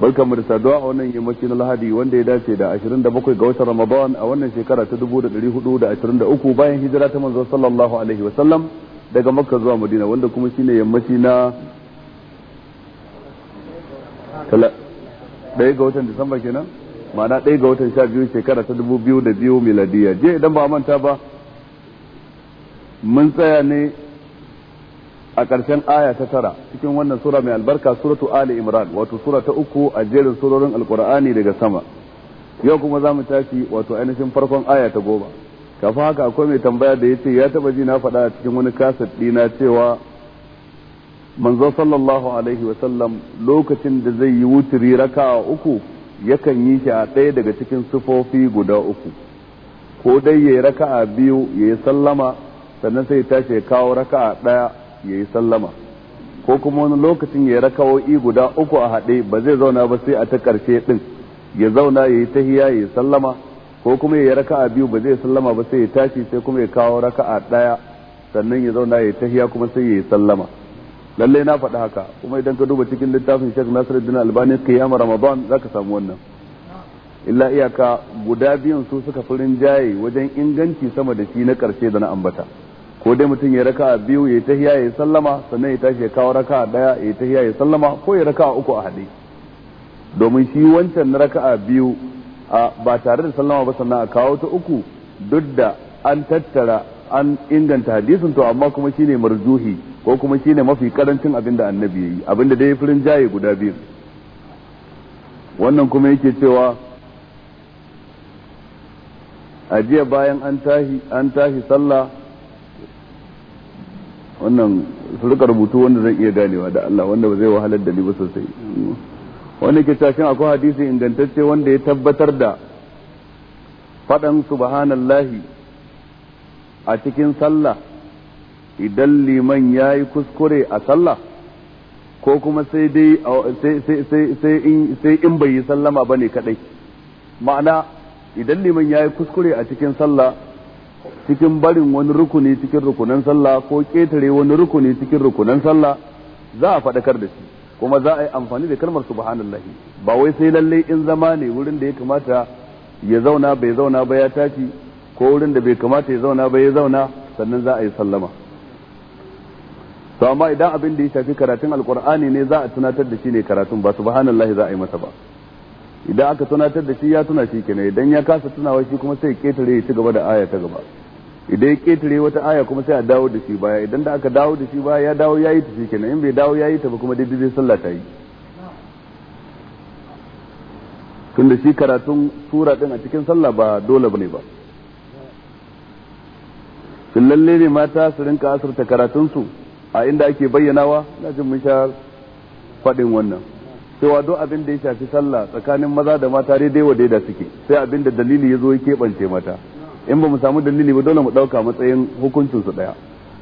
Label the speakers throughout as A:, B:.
A: barkamu da saduwa a wannan yammaci na lahadi wanda ya dace da 27 ga watan ramadan a wannan shekara ta 1423 bayan hijira ta manzo sallallahu alaihi wa sallam daga makka zuwa madina wanda kuma shine yammaci na ɗaya ga watan disamba kenan ma'ana ɗaya ga watan sha biyu shekara ta 2002 miladiya je idan ba manta ba mun tsaya ne a ƙarshen aya ta tara cikin wannan sura mai albarka suratu ali imran wato sura ta uku a jerin surorin alkur'ani daga sama yau kuma za mu tashi wato ainihin farkon aya ta goma kafin haka akwai mai tambaya da ya ce ya taba ji na faɗa a cikin wani kaset ɗina cewa manzo sallallahu alaihi wa sallam lokacin da zai yi wuturi raka uku yakan yi shi a ɗaya daga cikin sufofi guda uku ko dai ya yi raka'a biyu ya yi sallama sannan sai ya tashi ya kawo raka'a ɗaya yayi sallama ko kuma wani lokacin ya rakawo'i guda uku a haɗe ba zai zauna ba sai a ta ƙarshe ɗin ya zauna ya yi tahiya ya sallama ko kuma ya raka'a biyu ba zai sallama ba sai ya tashi sai kuma ya kawo raka'a ɗaya sannan ya zauna ya yi tahiya kuma sai ya yi sallama lallai na faɗi haka kuma idan ka duba cikin littafin Sheikh Nasiruddin Albani Qiyam Ramadan zaka samu wannan illa iyaka guda biyun su suka furin jaye wajen inganci sama da shi na ƙarshe da na ambata ko dai mutum ya raka biyu ya tahiya ya sallama sannan ya tashi ya kawo raka daya ya tahiya ya sallama ko ya raka uku a haɗe domin shi wancan na raka biyu a ba tare da sallama ba sannan a kawo ta uku duk da an tattara an inganta hadisin to amma kuma shine marzuhi ko kuma shine mafi karancin abinda annabi yayi abinda dai firin jaye guda biyu wannan kuma yake cewa a jiya bayan an tashi sallah wannan su rika rubutu wanda zan iya ganewa da Allah wanda ba zai wahalar da ni ba sosai wani ke tashin akwai hadisi ingantacce wanda ya tabbatar da faɗan subhanallahi a cikin sallah idan liman ya yi kuskure a sallah ko kuma sai dai in bai yi sallama ba ne kaɗai ma'ana idan liman ya yi kuskure a cikin sallah cikin barin wani rukuni cikin rukunan sallah ko ketare wani rukuni cikin rukunan sallah za a faɗakar da shi kuma za a yi amfani da kalmar subhanallahi ba wai sai lalle in zama ne wurin da ya kamata ya zauna bai zauna ba ya tashi ko wurin da bai kamata ya zauna ba ya zauna sannan za a yi sallama to amma idan abin da ya shafi karatun alkur'ani ne za a tunatar da shi ne karatun ba subhanallahi za a yi masa ba idan aka tunatar da shi ya tuna shi kenan idan ya kasa tunawa shi kuma sai ketare ya ci gaba da aya ta gaba idan ya ketare wata aya kuma sai a dawo da shi baya idan da aka dawo da shi baya ya dawo yayi ta shi kenan in bai dawo yayi ta ba kuma daidai zai sallah ta yi tun da shi karatun sura din a cikin sallah ba dole bane ba sun lalle ne mata su rinka asirta karatunsu a inda ake bayyanawa na jin mun sha faɗin wannan wa duk abin da ya shafi sallah tsakanin maza da mata dai dai wa da suke sai abin da dalili ya zo ya keɓance mata in ba mu samu dalili ba dole mu ɗauka matsayin hukuncin su ɗaya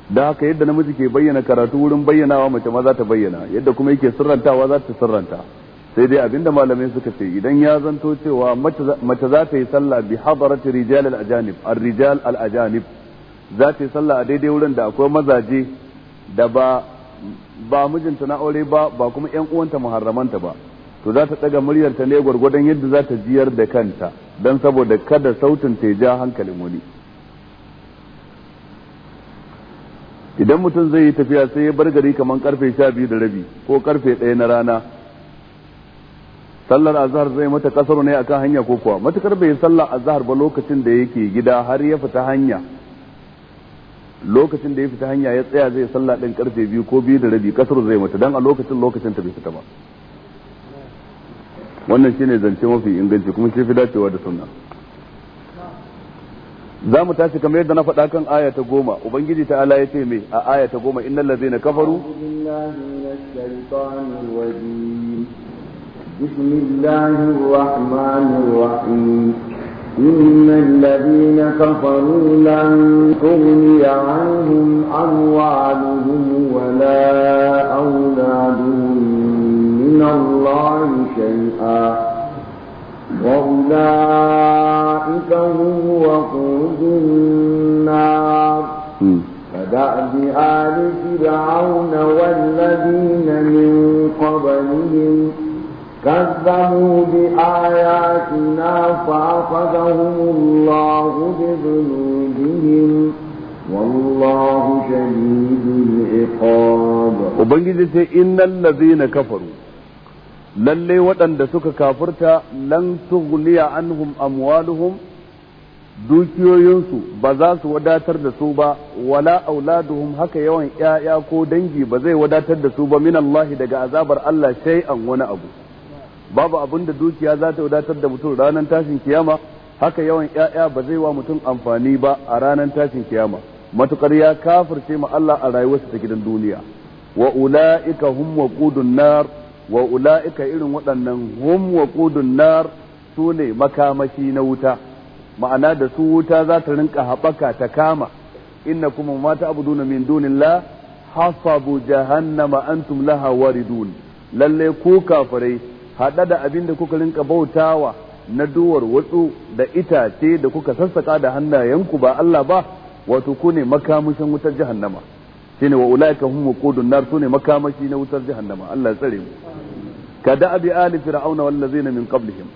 A: da haka yadda namiji ke bayyana karatu wurin bayyanawa mace ma ta bayyana yadda kuma yake sirrantawa za ta sirranta sai dai abinda malamai suka ce idan ya zanto cewa mace za ta yi sallah bi hadarati rijal al ajanib ar rijal al ajanib za ta yi sallah a daidai wurin da akwai mazaje da ba ba mijinta na aure ba ba kuma yan uwanta muharramanta ba to za ta daga muryarta ne gwargwadon yadda za ta jiyar da kanta don saboda kada sautin ta ja hankalin wani idan mutum zai yi tafiya sai ya bar gari kamar karfe sha biyu da rabi ko karfe ɗaya na rana sallar azhar zai mata kasar ne akan hanya ko kuwa matukar bai sallar azhar ba lokacin da yake gida har ya fita hanya lokacin da ya fita hanya ya tsaya zai sallah din karfe biyu ko biyu da rabi kasar zai mata dan a lokacin lokacin ta bai fita ba wannan shine zance mafi inganci kuma shi fi dacewa da sunna za mu tashi kamar yadda na faɗa kan aya goma ubangiji ta ala ya ce mai a aya ta goma innal ladzina kafaru
B: بسم الله الرحمن الرحيم إن الذين كفروا لن تغني عنهم أموالهم ولا أولادهم من الله شيئا وأولئك هم وقود النار كدأب آل فرعون والذين من قبلهم كذبوا بآياتنا فأخذهم الله بذنوبهم
A: والله شديد العقاب وبنجد إن الذين كفروا lalle waɗanda suka kafurta lan tughliya anhum amwaluhum dukiyoyinsu ba za su wadatar da su ba wala auladuhum haka yawan 'ya'ya ko dangi ba zai wadatar da su ba min Allah daga azabar Allah sai an wani abu babu abin da dukiya za ta wadatar da mutum ranar tashin kiyama haka yawan yaya ba zai wa mutum amfani ba a ranar tashin kiyama matukar ya kafirce ma Allah a rayuwarsa ta gidan duniya wa ulaika hum waqudun nar wa ulaika irin waɗannan hum waqudun nar su ne makamashi na wuta ma'ana da su wuta za ta rinka haɓaka ta kama innakum ma ta'buduna min dunillah hasabu jahannama antum laha waridun lalle ku kafirai haɗa da abin da kuka rinka bautawa na duwar watsu da itace da kuka sassaka da hannayenku ba Allah ba wato ku ne makamashin wutar jahannama shine wa ulaika hum waqudun nar sune makamashi na wutar jahannama Allah ya tsare mu kada abi ali fir'auna wal ladzina min qablihim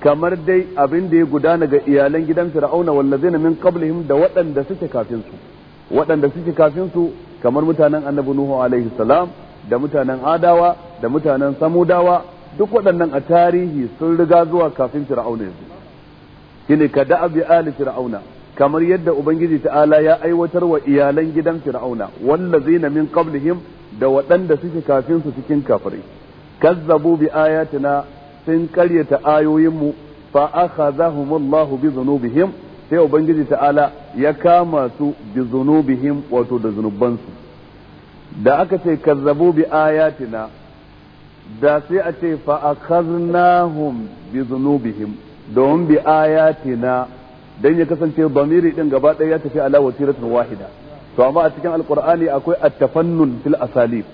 A: kamar dai abin da ya gudana ga iyalan gidan fir'auna wal ladzina min qablihim da waɗanda suke kafin su waɗanda suke kafin su kamar mutanen annabi nuhu alaihi salam da mutanen adawa da mutanen samudawa duk waɗannan a tarihi sun riga zuwa kafin fir'auna yanzu shine ka da'abi ali fir'auna kamar yadda ubangiji ta'ala ya aiwatar wa iyalan gidan fir'auna wallazina min qablihim da waɗanda suke kafin su cikin kafirai kazzabu bi ayatina sun karyata ayoyinmu fa akhadhahumullahu bi dhunubihim sai ubangiji ta'ala ya kama su bi zunubihim wato da zunubansu da aka ce kazzabu bi ayatina da sai a ce fa akhadnahum bi dhunubihim domin bi ayatina dan ya kasance bamiri din gaba ɗaya ya tafi ala wasiratun wahida to amma a cikin alqur'ani akwai at fil asalib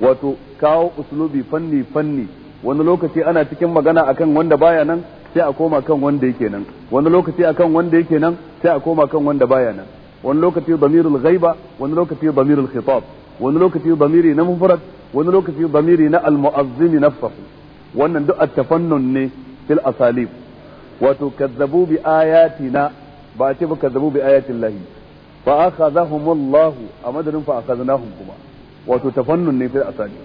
A: wato kawo uslubi fanni fanni wani lokaci ana cikin magana akan wanda baya nan sai a koma kan wanda yake nan wani lokaci akan wanda yake nan sai a koma kan wanda baya nan wani lokaci bamirul ghaiba wani lokaci bamirul khitab wani lokaci bamiri na mufrad wani lokaci bamiri na almu'azzimi nafsahu wannan duk at-tafannun ne fil asalib wato kazzabu bi ayatina ba ce ba kazzabu bi ayatin lahi fa akhadhahumullahu a madadin fa akhadnahum kuma wato tafannun ne fil asalib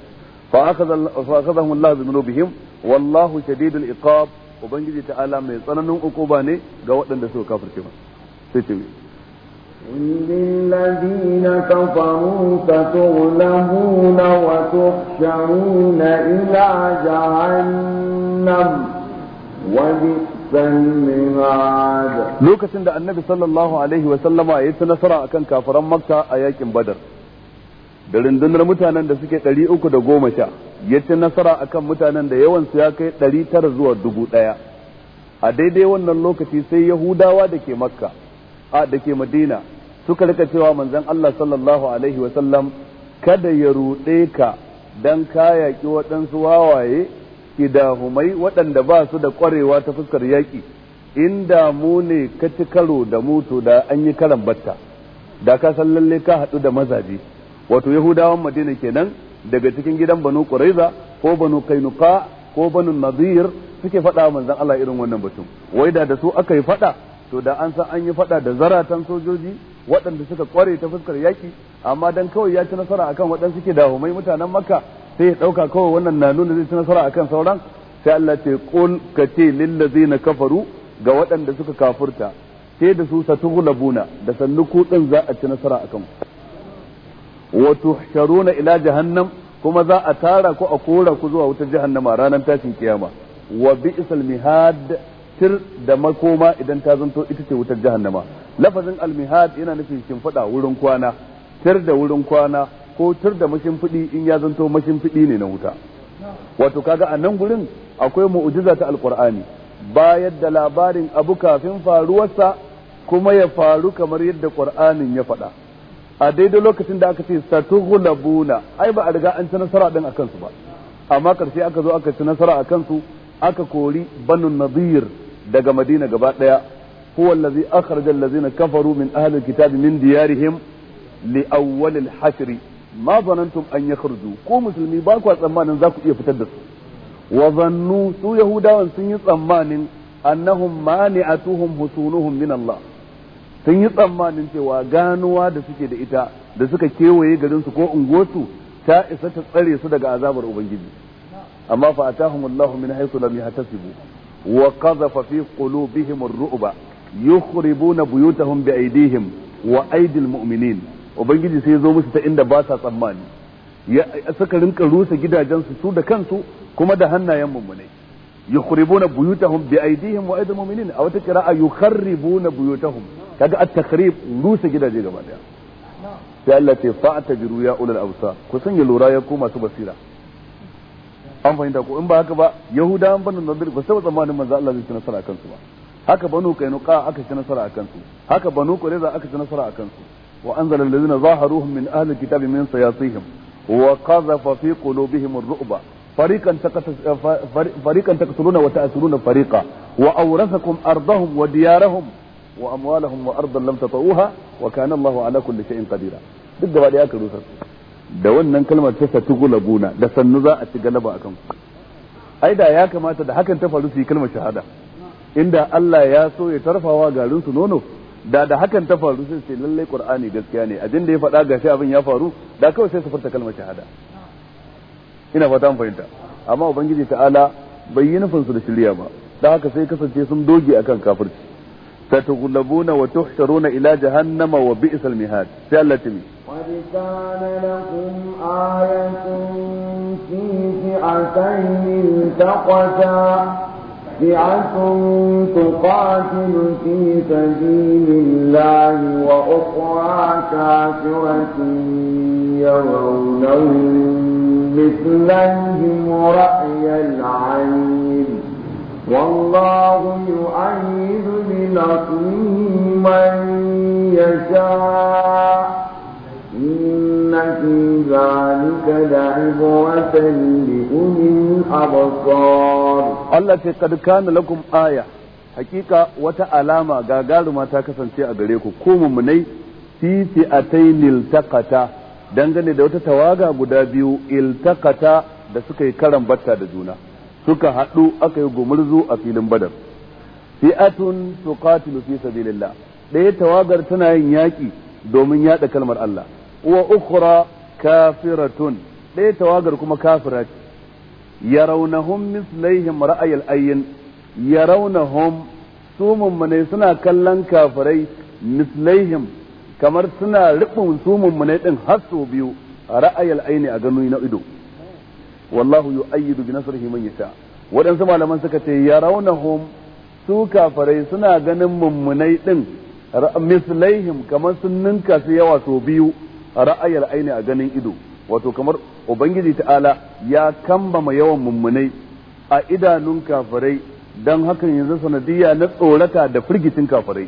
A: fa akhadhahumullahu bi dhunubihim wallahu shadidul iqab ubangiji ta'ala mai tsananin ukuba ne ga waɗanda suka kafirce ba sai ce
B: قل للذين كفروا ستغلبون وتحشرون إلى جهنم
A: وبئس المهاد لوكسن ده النبي صلى الله عليه وسلم آيات نصر كان كافرا مكة آيات بدر da rundunar mutanen da suke ɗari uku da goma sha ya ci nasara a kan mutanen da yawansu ya kai ɗari tara zuwa dubu ɗaya a daidai wannan lokaci sai yahudawa da ke makka a da ke madina suka rika cewa manzon Allah sallallahu alaihi wa sallam kada ya ruɗe ka dan ka yaƙi waɗansu wawaye kidahumai waɗanda ba su da ƙwarewa ta fuskar yaƙi inda mu ne ka ci karo da mutu da an yi karan batta da ka san lalle ka haɗu da mazaje wato yahudawan madina kenan daga cikin gidan banu quraiza ko banu kainuka ko banu nadir suke faɗa manzon Allah irin wannan batun wai da da su aka yi faɗa to da an san an yi fada da zaratan sojoji waɗanda suka kware ta fuskar yaki amma dan kawai ya ci nasara akan waɗanda suke dahumai mutanen makka sai ya ɗauka kawai wannan na nuna zai ci nasara akan sauran sai Allah ce qul ka ce lillazina kafaru ga waɗanda suka kafurta sai da su satughlabuna da sannu ku din za a ci nasara akan wa tuhsharuna ila jahannam kuma za a tara ku a kora ku zuwa wutar jahannama ranar tashin kiyama wa bi'sal mihad tir da makoma idan ta zanto ita ce wutar jahannama lafazin almihad yana nufin shimfiɗa wurin kwana tir da wurin kwana ko tir da mashimfiɗi in ya zanto mashimfiɗi ne na wuta wato kaga a nan gurin akwai mu'jiza ta alqur'ani bayar da labarin abu kafin faruwarsa kuma ya faru kamar yadda qur'anin ya faɗa a daidai lokacin da aka ce satughlabuna ai ba a riga an ci nasara din akan su ba amma karshe aka zo aka ci nasara akan su aka kori banu nadir daga madina gaba daya huwa allazi akhraja allazina kafaru min ahli alkitab min diyarihim li awwal alhasr ma zanantum an yakhruju ko musulmi ba ku tsammanin za ku iya fitar da su wa zannu su yahudawan sun yi tsammanin annahum mani'atuhum husunuhum min Allah sun yi tsammanin cewa ganuwa da suke da ita da suka kewaye garin su ko ungotu ta isa ta tsare su daga azabar ubangiji amma fa atahumullahu min haythu lam yahtasibu wa qadhafa fi qulubihim ar-ru'ba yukhribuna buyutahum bi aydihim wa aydil mu'minin ubangiji sai zo musu ta inda ba sa tsammani suka rinka rusa gidajensu su da kansu kuma da hannayen mummunai yukhribuna buyutahum bi aydihim wa aydil mu'minin a wata qira'a yukharribuna buyutahum kaga at-takhrib rusa gidaje gaba daya sai Allah ce fa'ata biru ya ulul absar ku sanya lura ya ku masu basira an fahimta ko in ba haka ba yahudawan banu nadir ba sai tsammanin manzo Allah zai ci nasara akan su ba haka banu kainuka aka ci nasara akan su haka banu qurayza aka ci nasara akan su wa anzala allazina zaharuhum min ahli kitabi min sayasihim wa qadhafa fi qulubihim ar-ru'ba wa فريقا ardahum wa فريقا wa أرضهم wa وأموالهم وأرضا لم تطئوها وكان الله على كل شيء قديرا duk gaba da aka karu da wannan kalmar ta satu gulabuna da sannu za a ci galaba a ku ai da ya kamata da hakan ta faru su yi kalmar shahada inda Allah ya so ya tarfawa garin su nono da da hakan ta faru sai ce lallai qur'ani gaskiya ne abin da ya faɗa gashi abin ya faru da kawai sai su furta kalmar shahada ina fata an fahimta amma ubangiji ta'ala bai yi nufin su da shirya ba da haka sai kasance sun doge akan kafirci tatughlabuna wa tuhsharuna ila jahannama wa bi'sal mihad sai Allah ta
B: قد كان لكم آية في فئتين التقتا فئة تقاتل في سبيل الله وأخرى كافرة يرونهم مثلهم رأي العين والله يؤيد بنصره من يشاء إن في ذلك لعبرة
A: لأولي الأبصار في قد كان لكم آية حقيقة وتعلامة قالوا ما تاكسن شيء أبريكو كوم مني في فئتين التقتا dangane da wata tawaga guda biyu iltakata da suka yi karan batta da juna suka haɗu aka yi gumurzu a filin badar fi'atun tuqatilu fi sabilillah ɗaya tawagar tana yin yaƙi domin yaɗa kalmar Allah wa ukhra kafiratun ɗaya tawagar kuma kafira ce yarawnahum mislaihim ra'ayil ayyin yarawnahum su mummunai suna kallon kafirai mislaihim kamar suna rubin su mummunai din har sau biyu ra'ayil ayni a gano na ido wallahu yu'ayyidu bi nasrihi man yasha waɗansu malaman suka ce yarawnahum su kafirai suna ganin mummunai din mislaihim kamar sun ninka su yawa sau biyu ra'ayar aini a ganin ido wato kamar ubangiji ta'ala ya kambama yawan mummunai a idanun kafirai don hakan yanzu sanadiyya na tsorata da firgicin kafirai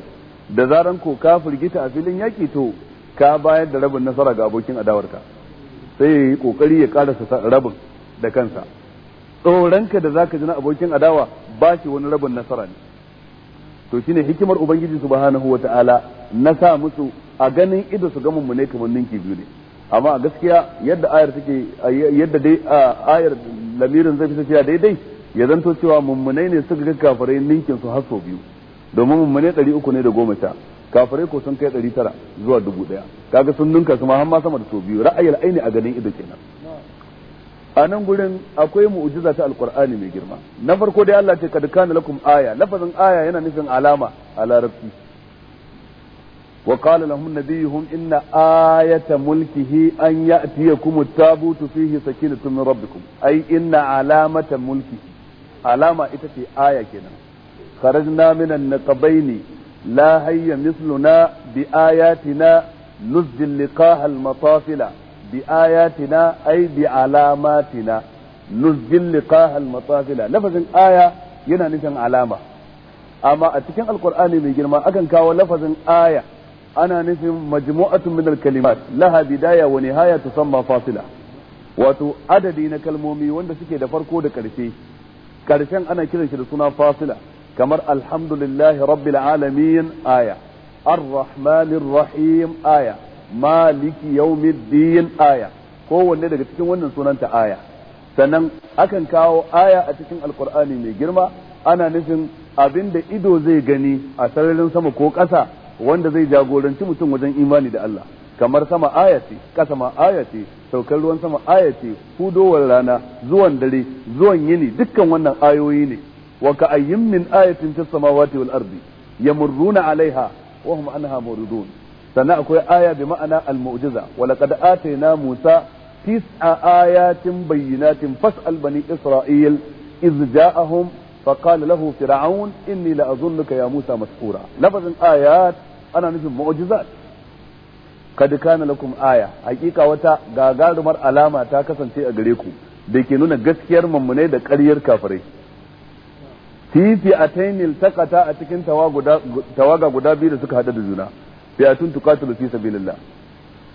A: da zaran ko ka firgita a filin yaki to ka bayar da rabin nasara ga abokin adawarka sai ya yi kokari ya karasa rabin da kansa tsoranka da zaka ji na abokin adawa ba shi wani rabin nasara ne to shine hikimar ubangiji subhanahu wataala na sa musu a ganin ido su ga ne kamar ninki biyu ne amma a gaskiya yadda ayar take yadda dai ayar lamirin zai fi tafiya daidai ya zanto cewa mummunai ne suka ga kafirai ninkin su har sau biyu domin mummunai ɗari uku ne da goma sha kafirai ko sun kai ɗari tara zuwa dubu ɗaya kaga sun ninka su ma har ma sama da sau biyu ra'ayil aini a ganin ido kenan a nan gurin akwai mu'jiza ta alkur'ani mai girma na farko dai Allah ce kad kana lakum aya lafazin aya yana nufin alama a larabci wa qala lahum nabiyuhum inna ayata mulkihi an ya'tiyakum at-tabutu fihi sakinatun min rabbikum ay inna alamata mulkihi alama ita ce aya kenan kharajna minan naqabaini la hayya misluna bi ayatina nuzdil liqaha al-matafila bi tina ai bi alamatina nuzjil liqaha al-matafila lafazin aya yana nufin alama amma a cikin alqur'ani mai girma akan kawo lafazin aya ana nufin majmu'atun min al-kalimat laha bidaya wa nihaya tusamma fasila wato adadi na kalmomi wanda suke da farko da karshe karshen ana kiran da suna fasila kamar alhamdulillahi rabbil alamin aya الرحمن الرحيم آية maliki yawmiddin aya kowanne daga cikin wannan sunanta aya sannan akan kawo aya a cikin alkur'ani mai girma ana nufin abin da ido zai gani a sararin sama ko ƙasa wanda zai jagoranci mutum wajen imani da Allah kamar sama aya ce ƙasa ma aya ce saukar ruwan sama aya ce hudowar rana zuwan dare zuwan yini dukkan wannan ayoyi ne wa ka ayyin min ayatin fis samawati wal ardi yamurruna alaiha wa hum anha muridun sannan akwai aya da ma'ana al-mu'jiza wa laqad atayna Musa tis'a ayatin bayyinatin fas'al albani Isra'il iz ja'ahum fa qala lahu fir'aun inni la azunnuka ya Musa maskura lafazin ayat ana nufin mu'jizat kad kana lakum aya hakika wata gagarumar alama ta kasance a gare ku da ke nuna gaskiyar mamune da karyar kafirai tifi a tainil takata a cikin tawaga guda biyu da suka hada da juna fi'atun tuqatilu fi sabilillah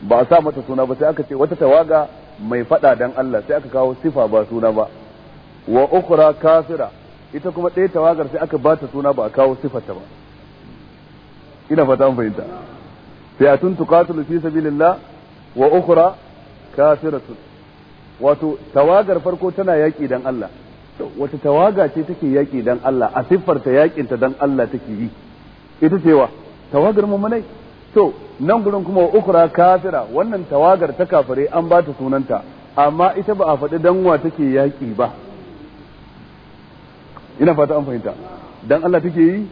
A: ba a sa mata suna ba sai aka ce wata tawaga mai fada dan Allah sai aka kawo sifa ba suna ba wa ukhra kafira ita kuma ɗaya tawagar sai aka ba ta suna ba a kawo sifarta ba ina fata an fahimta fi'atun tuqatilu fi sabilillah
B: wa ukhra
A: kafiratun wato tawagar farko tana yaƙi dan Allah wata tawaga ce take yaƙi dan Allah a siffarta yaƙinta dan Allah take yi ita cewa tawagar mu'minai to nan gurin kuma ukura kafira wannan tawagar ta kafare an ba ta sunanta amma ita ba a faɗi danwa take yaƙi ba ina fata an fahimta dan Allah take yi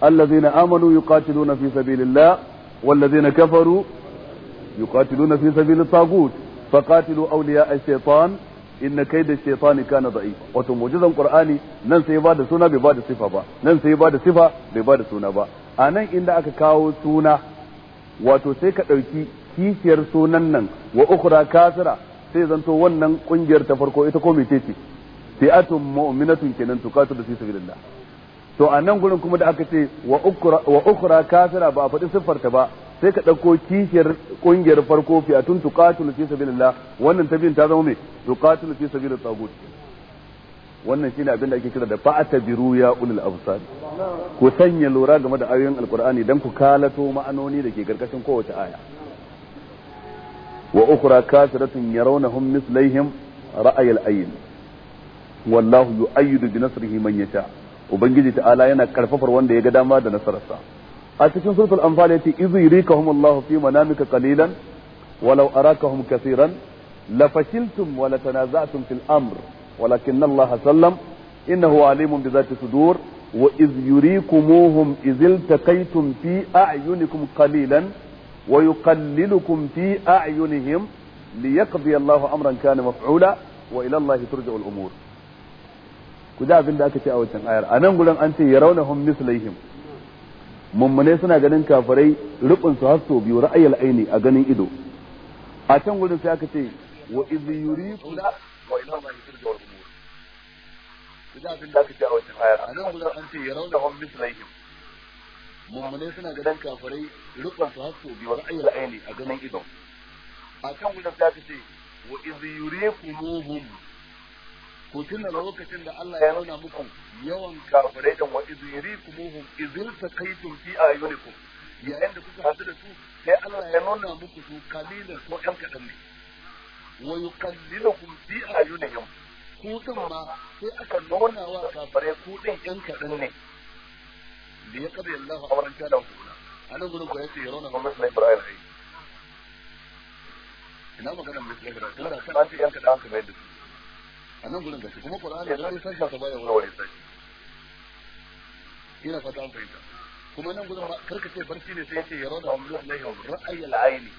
A: allazina amanu yuqatiluna fi sabilillah wallazina kafaru yuqatiluna fi sabilit tagut faqatilu awliya ash-shaytan inna kayda ash-shaytani kana da'if wato mu'jizan qur'ani nan sai ba da suna bai ba da sifa ba nan sai ba da sifa bai ba da suna ba a nan inda aka kawo suna wato sai ka ɗauki kishiyar sunan nan wa ukura kasira sai zanto wannan kungiyar ta farko ita ko mece ce fi'atun mu'minatun kenan tukatu da sisa gidan to a nan gurin kuma da aka ce wa ukura kasira ba a faɗi siffarta ba sai ka ɗauko kishiyar kungiyar farko fi'atun tukatu sisa gidan wannan ta biyun ta zama mai me sisa gidan sabilillah wannan shine abin da ake kira da fa'atabiru ya ulul absar ku sanya lura game da ayoyin alqur'ani dan ku kalato ma'anoni da ke karkashin kowace aya wa ukhra kasiratun yarawnahum mislaihim ra'ayil ayn wallahu yu'ayyidu bi nasrihi man yasha ubangiji ta'ala yana karfafar wanda ya ga dama da nasararsa a cikin suratul anfal yace iz yurikahumullahu fi manamika qalilan walau arakahum kaseeran lafashiltum wa latanaza'tum fil amr walakin Allah sallam innahu alimun bi zati sudur wa iz yurikumuhum iz iltaqaytum fi a'yunikum qalilan wa yuqallilukum fi a'yunihim liyaqdi Allahu amran kana maf'ula wa ila Allah turja'u al-umur ku da abin da aka ce a wancan ayar a nan gudan an ce mummune suna ganin kafirai rubin su har sau biyu ra'ayil a ganin ido a can gurin sai aka ce wa iz yuriquna wa ila ka ji abin da aka ji a wancan ayar a nan gudan an ce ya rauna hon mislaihim mummune suna ganin kafirai rukun su hasso bi wani ayyul aini a ganin idon a kan gudan da aka ce wa iz yurikumuhum ku tuna lokacin da Allah ya rauna muku yawan kafirai dan wa iz yurikumuhum iz iltaqaytum fi ayunikum yayin da kuka hadu da su sai Allah ya nuna muku su kalilan ko ɗan kaɗan ne wa yukallilukum fi ayunihim ku kan ma sai aka nuna wa kafirai ku din ɗan kaɗan ne da ya kada yallahu a wurin kada hukuna a nan gudun kwaye sai yarona gwamnati na ibrahim ai ina magana mai tsaye da tana kan an ce yan kaɗan aka mai da su a nan gudun gashi kuma ƙwararren da ya sashi ta baya wani sashi ina fata an fahimta kuma nan gudun karka ce barci ne sai ce da gwamnati na yau ra'ayi al'aini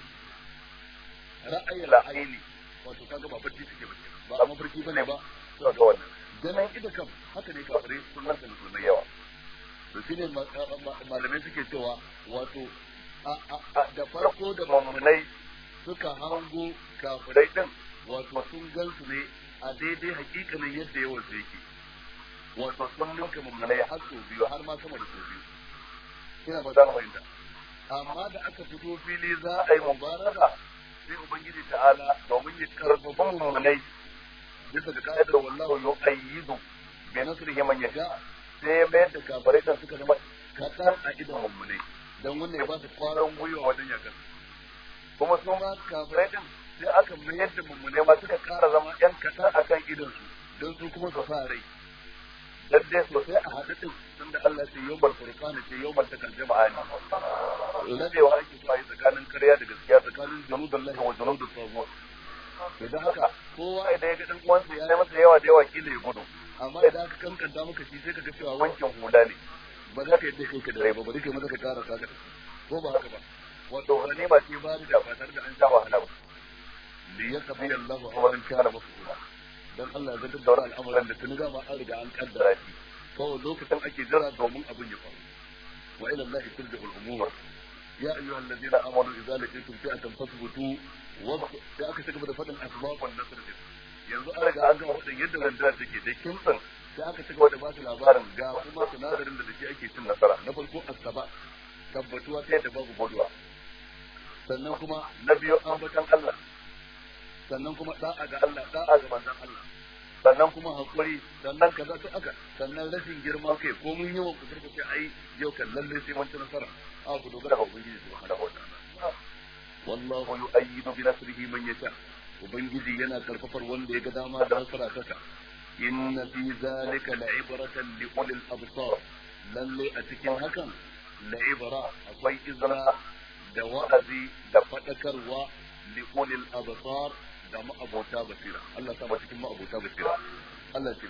A: ra'ayi al'aini wato kaga ba barci take ba ba a mafarki ba ne ba suna ga wannan ganin ido kan haka ne kafirai sun rasa musulmai yawa to shi ne malamai suke cewa wato da farko da mamunai suka hango kafirai din wato sun gansu ne a daidai hakikanin yadda ya su yake wato sun nuka mummunai har sau biyu har ma sama da sau biyu ina ba za mu fahimta amma da aka fito fili za a yi mubaraka sai ubangiji ta'ala domin ya karfafa mummunai bisa ga ka'idar wallahu yu'ayyidu bi nasrihi man yasha sai ya mayar da kafirai da suka zama kasar a idon ne don wannan ya ba su kwaron gwiwa wajen yakan kuma su ma kafirai din sai aka mayar da mummune ma suka kara zama yan a kan idon su don su kuma su sa rai lalle sosai a haɗu din da Allah sai yawmal furqan sai yawmal takal jama'a ne lalle wa ake fa'i tsakanin karya da gaskiya tsakanin janudallahi wa da tawwab to idan haka kowa idan ya ga dan uwansa ya yi masa yawa da yawa kila ya gudu amma idan ka kankanta maka shi sai ka ga cewa wankin hula ne ba za ka yadda kai ka dare ba ba kai maza ka kara ka ga ko ba haka ba wato wani ba ce ba da ba tare da an sha wahala ba li yaqdi Allahu amran kana mafsula dan Allah ya gaddar da al'amuran da tuni dama an riga an kaddara shi ko lokacin ake jira domin abin ya faru wa ila Allah turja'ul umur يا أيها الذين آمنوا إذا لقيتم فئة فاثبتوا وابق يا أخي سكب ده فضل أسباب والنصر دي yanzu an riga an gama wadda yadda wanda take da kimsan sai aka ci gaba da basu labarin ga kuma sinadarin da take ake cin nasara na farko asaba tabbatuwa ta yadda babu boduwa sannan kuma na biyu ambatan Allah sannan kuma da'a ga Allah da'a ga manzon Allah sannan kuma hakuri sannan kaza ta aka sannan rashin girma kai ko mun yi wa kusurka ce ai yau kan lalle sai mun ci nasara a ku dogara ga ubangiji subhanahu wa ta'ala wallahu yu'ayyidu bi nasrihi man yasha ubangiji yana karfafar wanda ya ga dama da nasara kaka. inna fi zalika la'ibratan li ulil absar lalle a cikin hakan la'ibra akwai izra da wa'azi da fadakarwa li ulil absar da ma'abota basira Allah ta ba cikin ma'abota basira Allah ya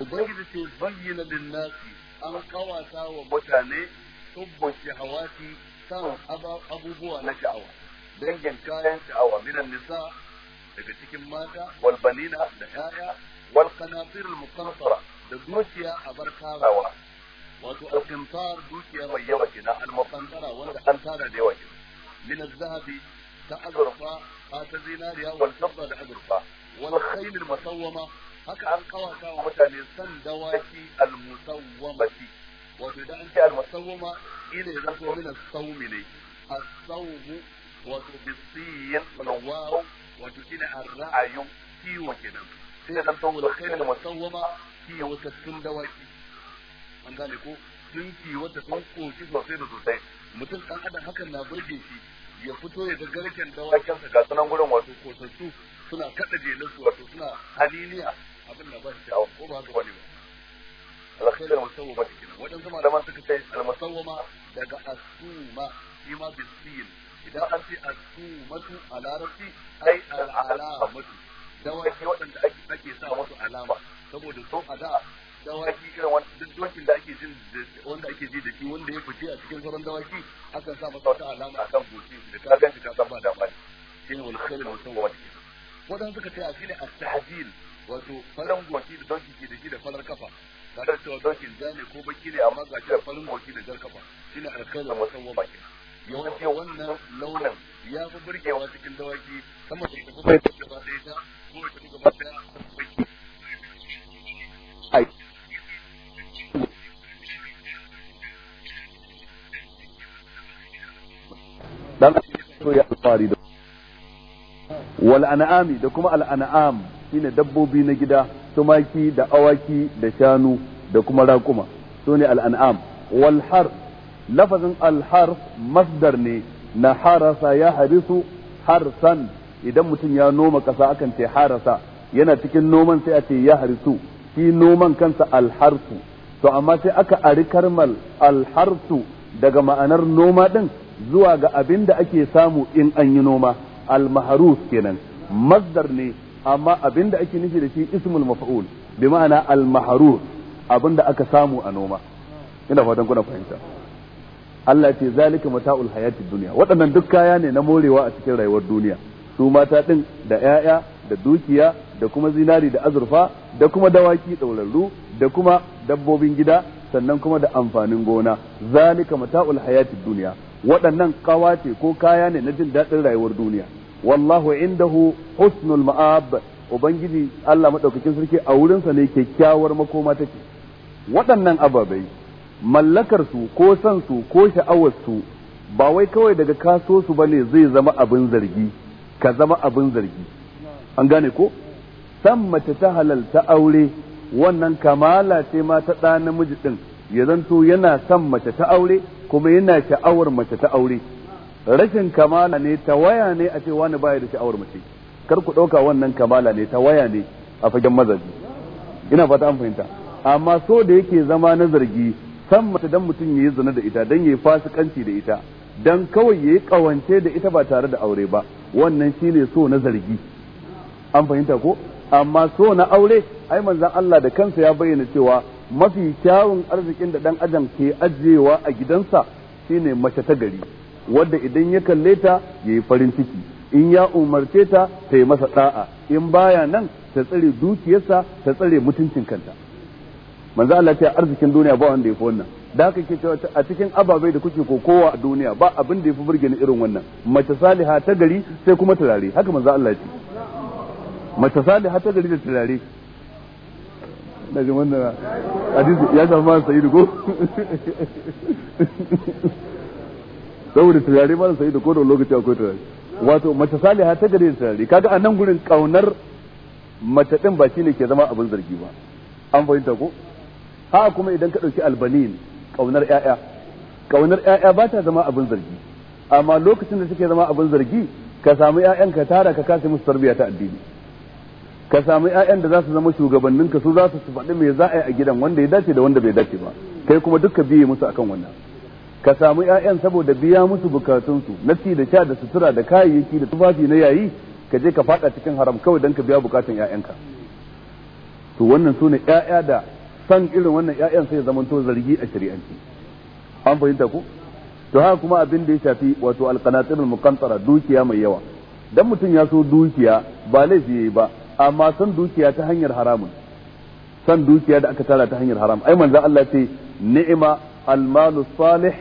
A: ubangiji ce bayyana linnasi an kawata wa mutane tubbun shahawati san abubuwa na sha'awa
B: dangin kayan
A: sha'awa minan nisa daga cikin mata wal banina da yaya wal qanatir al da dukiya a bar tarawa wato al dukiya mai yawa kenan al wanda an tara da yawa kenan min zahabi da azurfa ta zinariya wal kabba da azurfa wal khayl musawwama haka an kawata wa mutane san dawaki al musawwamati wato idan an ce ina ya zanto min as sawmi ne as sawmu wato bisiyin wal waw wato shine ar kenan sai zan to wal khayl musawwama kiwo ta tun dawaki an gane ko sun sosai mutum dan adam hakan na birge shi ya fito ya ga garken dawakin ga sunan gurin wato kosassu suna kada jelin su wato suna haliliya abin da ba shi sha'awa ko ba da bane ba alkhair al-musawwama kenan wadansu malaman suka kai al ma daga asuma ima bisin idan an ce asumatu a larabci ai al-alamatu dawaki wadanda ake sa musu alama saboda su a da dawaki irin wani dokin da ake jin wanda ake ji da shi wanda ya fice a cikin sauran dawaki akan sa masa wata alama akan goshi da ka ganci ka san ba da bani shine wal khair wal sawwa wadan suka ce a shine at-tahdil wato faran goshi da doki ke da shi da falar kafa tare da cewa dokin ja ko baki ne amma ga shi da farin goshi da jar kafa shi ne khair wasu sawwa baki yawanci wannan launin ya fi burgewa cikin dawaki sama da ita kuma ita ɗaya ta ko ita gaba ɗaya ai dan so ya alfari da wal an'ami da kuma al an'am shine dabbobi na gida tumaki da awaki da shanu da kuma raƙuma sune al an'am wal har lafazin al har masdar ne na harasa ya harisu harsan idan mutum ya noma kasa akan ce harasa yana cikin noman sai a ce ya harisu shi noman kansa alharsu to amma sai aka ari karmal alharsu daga ma'anar noma din zuwa ga abin da ake samu in an yi noma al kenan masdar ne amma abin da ake nufi da shi ismul maf'ul bi ma'ana al abin da aka samu a noma ina fatan kuna fahimta Allah ce zalika mata'ul hayati dunya waɗannan duk kaya ne na morewa a cikin rayuwar duniya su mata din da 'ya'ya da dukiya da kuma zinari da azurfa da kuma dawaki ɗaurarru da kuma dabbobin gida sannan kuma da amfanin gona zalika mata'ul hayati duniya. waɗannan kawace ko kaya ne na jin daɗin rayuwar duniya wallahu indahu husnul ma'ab ubangiji Allah madaukakin sarki a wurinsa ne kyakkyawar makoma take waɗannan ababai mallakar su ko san su ko sha'awar su ba wai kawai daga kaso su bane zai zama abin zargi ka zama abin zargi an gane ko san mace ta halalta aure wannan kamala ce ma ta ɗa namiji ɗin ya zanto yana san mace ta aure kuma yana sha'awar mace ta aure rashin kamala ne tawaya ne a ce wani baya da sha'awar mace kar ku ɗauka wannan kamala ne waya ne a fagen mazaji ina fata an fahimta amma so da yake zama na zargi san mace dan mutum yayi zina da ita dan yi fasikanci da ita dan kawai yayi kawance da ita ba tare da aure ba wannan shine so na zargi an fahimta ko amma so na aure ai manzon Allah da kansa ya bayyana cewa mafi kyawun arzikin da dan adam ke ajiyewa a gidansa shine mace ta gari wadda idan ya kalle ta yayi farin ciki in ya umarce ta ta yi masa da'a in baya nan ta tsare dukiyarsa ta tsare mutuncin kanta manzo Allah ya arzikin duniya ba wanda yafi wannan da haka ke cewa a cikin ababai da kuke kokowa a duniya ba abin da yafi burge ni irin wannan mace saliha ta gari sai kuma turare haka manzo Allah ya ce mace saliha ta gari da turare na jin wannan hadisi ya shafi malam sa'idu ko saboda turare malam sa'idu ko da lokaci akwai turare wato mace saliha ta gare turare kaga a nan gurin kaunar mace din ba shine ke zama abin zargi ba an fahimta ko ha kuma idan ka dauki albanin kaunar 'ya'ya kaunar yaya ba ta zama abin zargi amma lokacin da suke zama abin zargi ka samu ka tara ka kasa musu tarbiyya ta addini ka samu ƴaƴan da za su zama shugabannin ka su za su faɗi me za a yi a gidan wanda ya dace da wanda bai dace ba kai kuma duka biye musu akan wannan ka samu ƴaƴan saboda biya musu bukatunsu na ci da sha da sutura da kayayyaki da tufafi na yayi ka je ka faɗa cikin haram kawai don ka biya bukatun ƴaƴanka to wannan su ne ƴaƴa da san irin wannan ƴaƴan sai zama to zargi a shari'anci an fahimta ku to haka kuma abin da ya shafi wato alqanatirul muqantara dukiya mai yawa dan mutum ya so dukiya ba laifi yayi ba amma san dukiya ta hanyar haramun san dukiya da aka tara ta hanyar haram ai manzo Allah ya ce ni'ma almalu salih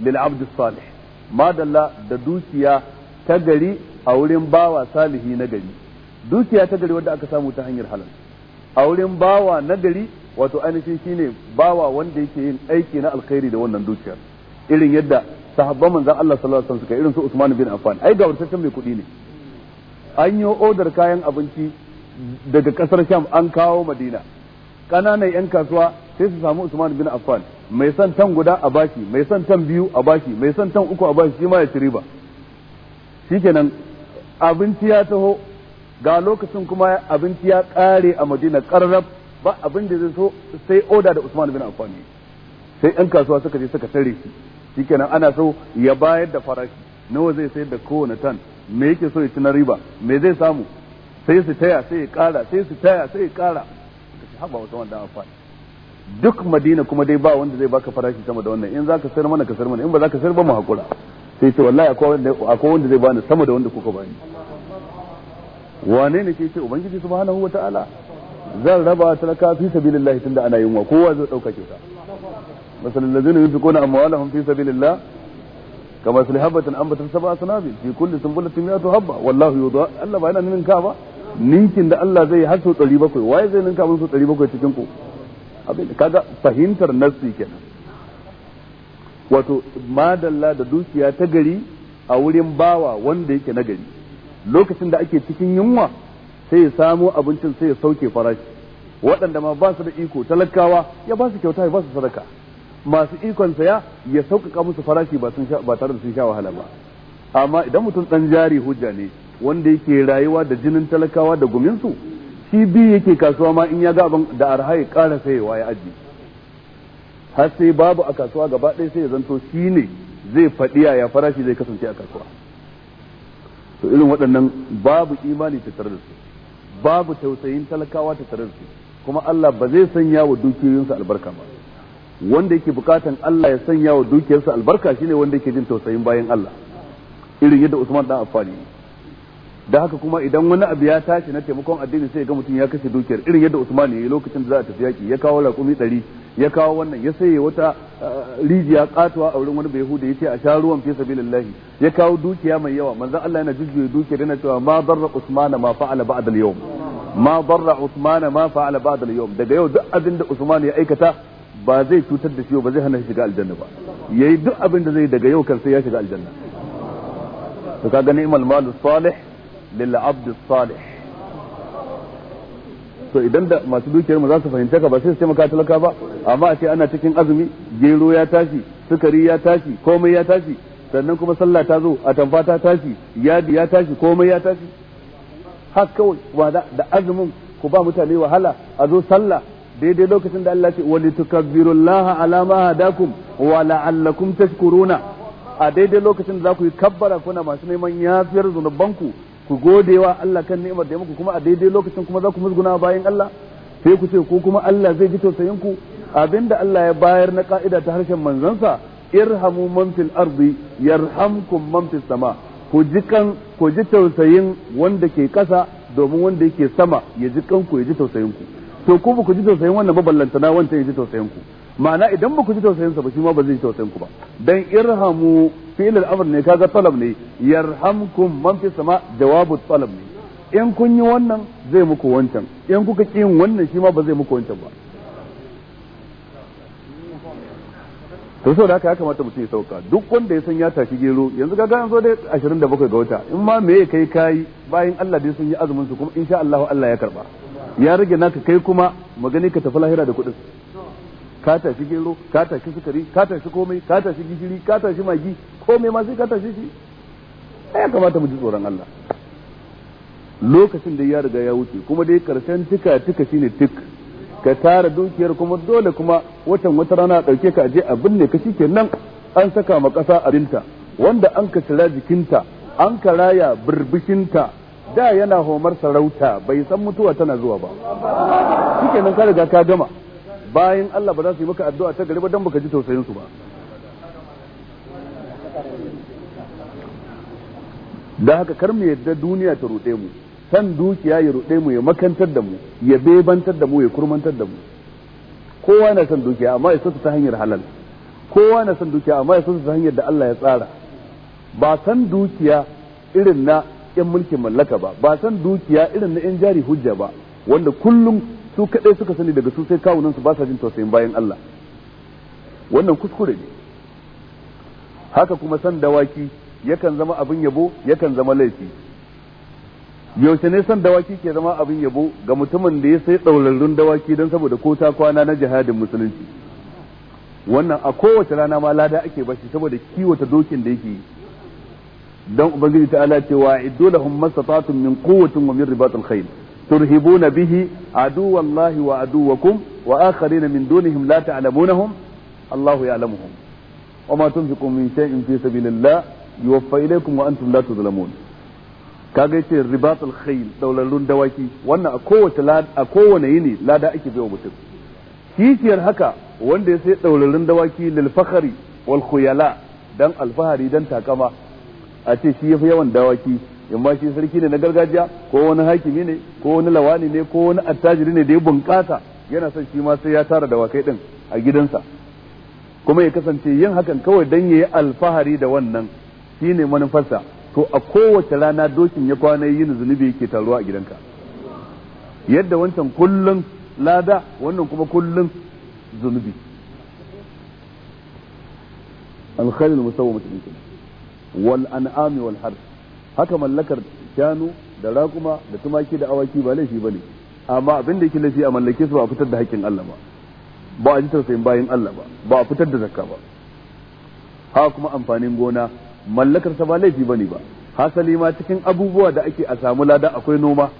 A: lil abd salih madalla da dukiya ta gari a wurin bawa salihi na gari dukiya ta gari wanda aka samu ta hanyar halal a wurin bawa na gari wato ainihin shine bawa wanda yake yin aiki na alkhairi da wannan dukiyar irin yadda sahabban manzon Allah sallallahu alaihi wasallam suka irin su Usman bin Affan ai ga wurtaccen mai kuɗi ne an yi odar kayan abinci daga kasar sham an kawo madina ƙananan 'yan kasuwa sai su samu usman bin affan mai son tan guda a bashi mai son tan biyu a bashi mai son tan uku a bashi shi ma ya ci riba shikenan abinci ya taho ga lokacin kuma abinci ya ƙare a madina ƙarrab ba abin da zai so sai oda da usman bin affan sai 'yan kasuwa suka je suka tare shi shikenan ana so ya bayar da farashi nawa zai sayar da kowane tan me yake so ya ci na riba me zai samu sai su taya sai ya kara sai su taya sai ya kara ka ci haba wata wanda amfani duk madina kuma dai ba wanda zai baka farashi sama da wannan in zaka sayar mana ka sayar mana in ba zaka sayar ba mu hakura sai ce wallahi akwai wanda zai bani sama da wanda kuka bani wane ne ke ce ubangiji subhanahu wataala zan raba talaka fi sabilillah tunda ana yin wa kowa zai dauka kyauta masalul ladina yunfiquna amwalahum fi sabilillah kama sulhabatin ambatan sab'a sanabil fi kulli sunbulatin mi'atu habba wallahu yudha Allah ba yana ninin ka ninkin da Allah zai har sau ɗari bakwai waye zai ninka mun sau ɗari bakwai cikin ku abin da kaga fahimtar nassi kenan wato madalla da dukiya ta gari a wurin bawa wanda yake na gari lokacin da ake cikin yunwa sai ya samo abincin sai ya sauke farashi waɗanda ma ba su da iko talakawa ya ba su kyauta ya ba su sadaka masu ikon saya ya sauƙaƙa musu farashi ba tare da sun sha wahala ba amma idan mutum ɗan jari hujja ne wanda yake rayuwa da jinin talakawa da guminsu shi bi yake kasuwa ma in ya ga abin da arha ya ƙara sayewa ya aji har sai babu a kasuwa gaba ɗaya sai ya zanto shi ne zai faɗi yaya farashi zai kasance a kasuwa to irin waɗannan babu imani tattare da su babu tausayin talakawa tattare da su kuma Allah ba zai sanya wa dukiyoyinsa albarka ba wanda yake bukatan Allah ya sanya wa dukiyarsa albarka shine wanda yake jin tausayin bayan Allah irin yadda Usman dan Affan da haka kuma idan wani abu ya tashi na taimakon addini sai ga mutum ya kashe dukiyar irin yadda Usman ya yi lokacin da za a tafi yaki ya kawo raƙumi ɗari ya kawo wannan ya saye wata rijiya katuwa a wurin wani bai ya ce a sha ruwan fi sabilillahi ya kawo dukiya mai yawa manzan Allah yana jujjuya dukiyar yana cewa ma barra Usman ma fa'ala ba'da al-yawm ma barra Usman ma fa'ala ba'da al-yawm daga yau duk abin da Usman ya aikata ba zai cutar da shi ba zai hana shi shiga aljanna ba yayi duk abin da zai daga yau kan sai ya shiga aljanna to kaga ni'mal malus salih للعبد الصالح to idan da masu dukiyar mu za su fahimta ka ba sai su ce maka talaka ba amma a ce ana cikin azumi gero ya tashi sukari ya tashi komai ya tashi sannan kuma sallah ta zo a tamfa ta tashi yadi ya tashi komai ya tashi haka kawai wa da azumin ku ba mutane wahala a zo sallah daidai lokacin da Allah ce wa litukabbirullaha ala ma hadakum wa la'allakum tashkuruna a daidai lokacin da za ku yi kabbara kuna masu neman yafiyar zunubanku ku gode wa Allah kan ni'imar da ya muku kuma a daidai lokacin kuma za ku musguna bayan Allah sai ku ce ko kuma Allah zai ji tausayin ku abinda Allah ya bayar na ka'ida ta harshen manzansa irhamu man fil ardi yarhamkum man fis sama ku ji kan ku ji tausayin wanda ke kasa domin wanda yake sama ya ji kanku ya ji tausayin ku to ku ku ji tausayin wannan maballantana wanda ya ji tausayin ku ma'ana idan ba ku ji tausayin sa ba shi ma ba zai ji tausayin ku ba dan irhamu fi'il al-amr ne kaga talab ne yarhamkum man fi sama jawabu talab ne in kun yi wannan zai muku wancan in kuka ki yin wannan shi ma ba zai muku wancan ba to da haka ya kamata mutum ya sauka duk wanda ya san ya tafi gero yanzu kaga yanzu dai 27 ga wata in ma me kai kai bayan Allah dai sun yi azumin su kuma insha Allah Allah ya karba ya rage naka kai kuma magani ka tafi lahira da kudin ka tashi gero ka tashi sukari ka tashi komai ka tashi gishiri ka tashi magi komai ma sai ka tashi shi ya kamata mu ji tsoron Allah lokacin da ya riga ya wuce kuma dai karshen tuka tuka shine tik ka tara dukiyar kuma dole kuma watan wata rana dauke ka je a binne ka nan an saka ma kasa abinta wanda an ka tsira jikinta an ka raya burbushinta da yana homar sarauta bai san mutuwa tana zuwa ba nan ka riga ka gama bayan Allah ba za su yi maka addu'a ta gari ba don baka ji tausayin su ba da haka kar mu yadda duniya ta ruɗe mu san dukiya ya ruɗe mu ya makantar da mu ya bebantar da mu ya kurmantar da mu kowa na san dukiya amma ya sassa ta hanyar halal kowa na san dukiya amma ya sassa ta hanyar da Allah ya tsara ba san dukiya irin na yan mulkin mallaka ba ba san dukiya irin na yan jari hujja ba wanda kullum su kaɗai suka sani daga su sai kawunan su ba sa jin tausayin bayan Allah wannan kuskure ne haka kuma san dawaki yakan zama abin yabo yakan zama laifi yaushe ne san dawaki ke zama abin yabo ga mutumin da ya sai ɗaurarrun dawaki don saboda ko ta kwana na jihadin musulunci wannan a kowace rana ma lada ake bashi saboda kiwata dokin da yake yi don ubangiji ta'ala cewa iddu lahum masatatun min quwwatin wa min ribatil khayl ترهبون به عدو الله وعدوكم وآخرين من دونهم لا تعلمونهم الله يعلمهم وما تنفقوا من شيء في سبيل الله يوفى إليكم وأنتم لا تظلمون kaga yace riba khayl daulalun dawaki wannan a kowace a kowane yini lada ake biyo mutum kishiyar haka wanda ya sai daulalun dawaki lil fakhari wal dan alfahari dan takama a ce shi yafi yawan dawaki in ba shi sarki ne na gargajiya ko wani hakimi ne ko wani lawani ne ko wani attajiri ne da ya bunƙasa yana son shi ma sai ya tara dawakai din a gidansa kuma ya kasance yin hakan kawai dan yi alfahari da wannan shine manufarsa to a kowace rana dokin ya kwana yin zunubi yake taruwa a gidanka yadda wancan kullun lada wannan kuma kullun zunubi alkhairul musawwamatu wal an'ami wal harth haka mallakar shanu da raƙuma da tumaki da awaki ba laifi bane amma abin da yake laifi a mallake su ba a fitar da haƙƙin Allah ba ba a ji tausayin bayan Allah ba ba a fitar da zakka ba ha kuma amfanin gona mallakar sa ba laifi bane ba hasali ma cikin abubuwa da ake a samu lada akwai noma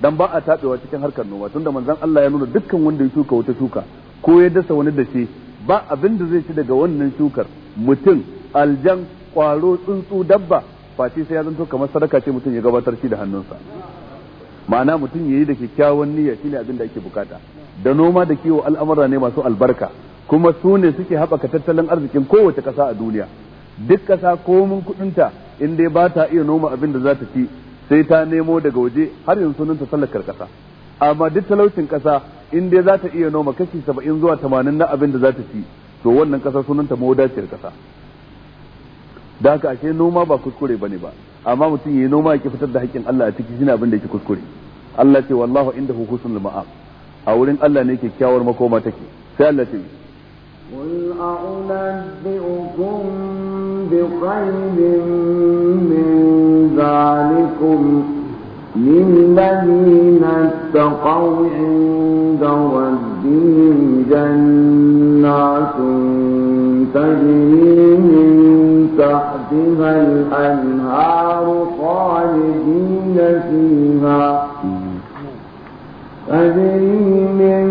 A: dan ba a tabewa cikin harkar noma tunda manzon Allah ya nuna dukkan wanda ya shuka wata shuka ko ya dasa wani shi ba abin da zai ci daga wannan shukar mutum aljan kwaro tsuntsu dabba face sai ya zanto kamar sadaka ce mutum ya gabatar shi da hannunsa ma'ana mutum ya yi da kyakkyawan niyya shine abin da ake bukata da noma da kiwo al'amura ne masu albarka kuma su ne suke haɓaka tattalin arzikin kowace ƙasa a duniya duk ƙasa komin kuɗinta in dai ba ta iya noma abin da za ta ci sai ta nemo daga waje har yanzu sunan ta sallakar ƙasa amma duk talaucin ƙasa in dai za ta iya noma kashi saba'in zuwa tamanin na abin da za ta ci to wannan ƙasa sunanta ta mawdaciyar ƙasa da haka ashe noma ba kuskure bane ba amma mutum yayi noma yake fitar da haƙƙin Allah a ciki shine abin da yake kuskure Allah ce wallahu indahu husnul ma'ab a wurin Allah ne kyakkyawar makoma take sai Allah ce
B: قل أنبئكم بخير من ذلكم للذين اتقوا عند ربهم جنات تجري من تحت تحتها الأنهار خالدين فيها تجري من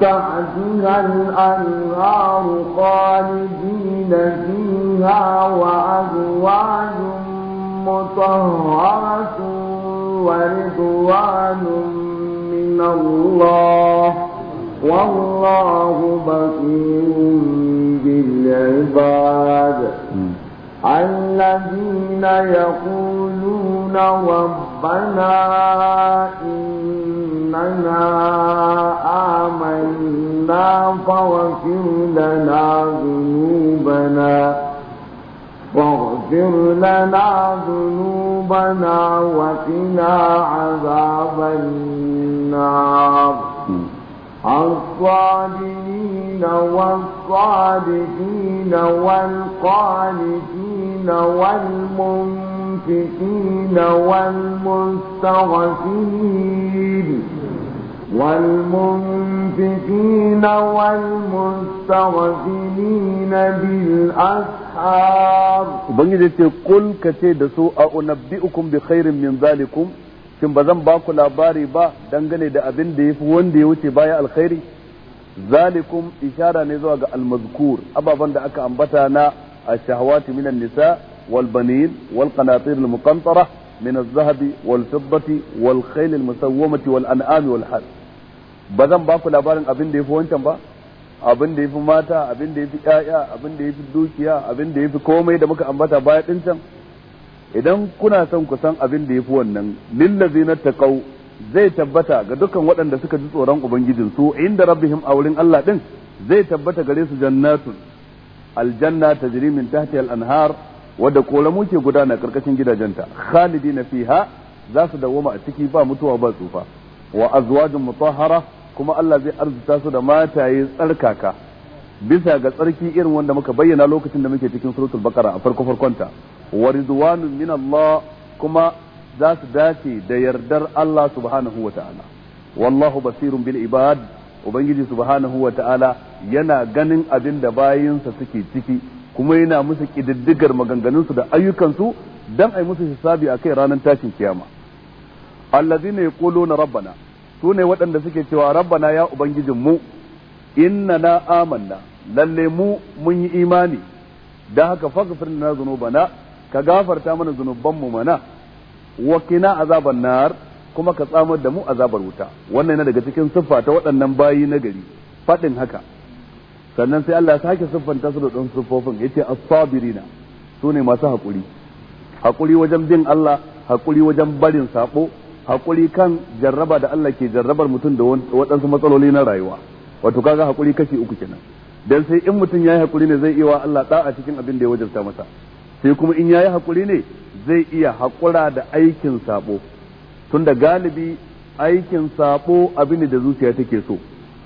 B: تحتها الأنهار خالدين فيها وأزواج مطهرة ورضوان من الله والله بصير بالعباد الذين يقولون ربنا إننا آمنا فاغفر لنا ذنوبنا فاغفر لنا ذنوبنا وقنا عذاب النار الصادقين والصادقين والقانتين والمنفقين والمستغفرين والمنفقين والمستغفرين بالأسحار
A: بنجد قل كتي دسو أنبئكم بخير من ذلكم shin ba zan ba ku labari ba dangane da abin da ya fi wanda ya wuce baya alkhairi zalikum ishara ne zuwa ga almazkur ababen da aka ambata na A الشهوات من النساء والبنين والقناطير المقنطرة من الذهب والفضة والخيل المسومة والأنعام والحرث bazan ba baku labarin abin da yafi wancan ba abin da yafi mata abin da yafi ƴaƴa abin da yafi dukiya abin da yafi komai da muka ambata baya din can idan kuna son ku san abin da yafi wannan lillazina taqaw zai tabbata ga dukkan waɗanda suka ji tsoron ubangijin su inda rabbihim a wurin Allah ɗin, zai tabbata gare su jannatu. aljanna tajri min tahtiha al-anhar wadda kolamu ke gudana karkashin gidajenta khalidina fiha za su dawoma a ciki ba mutuwa ba tsufa wa azwajun mutahhara kuma Allah zai arzuta su da mataye tsarkaka bisa ga tsarki irin wanda muka bayyana lokacin da muke cikin suratul baqara a farko farkonta wa ridwanun min Allah kuma za su dace da yardar Allah subhanahu wa wallahu basirun bil ibad ubangiji subhanahu ta'ala yana ganin abin da bayinsa suke ciki kuma yana musu kididdigar maganganunsu da ayyukansu dan ai musu hisabi kai ranar tashin kiyama allazina yaquluna rabbana sune waɗanda suke cewa rabbana ya ubangijin mu na amanna lalle mu mun yi imani da haka faghfir lana dhunubana ka gafarta mana dhunubanmu mana wa qina azaban nar kuma ka tsamar da mu azabar wuta wannan yana daga cikin siffa ta waɗannan bayi na gari faɗin haka sannan sai Allah ya sake siffanta su da ɗan siffofin yace as-sabirina su ne masu hakuri haƙuri wajen bin Allah haƙuri wajen barin saɓo haƙuri kan jarraba da Allah ke jarrabar mutum da waɗansu matsaloli na rayuwa wato kaga hakuri kashi uku kenan dan sai in mutum yayi hakuri ne zai iya Allah da'a cikin abin da ya wajabta masa sai kuma in yayi hakuri ne zai iya hakura da aikin saɓo tun da galibi aikin sabo abin da zuciya take so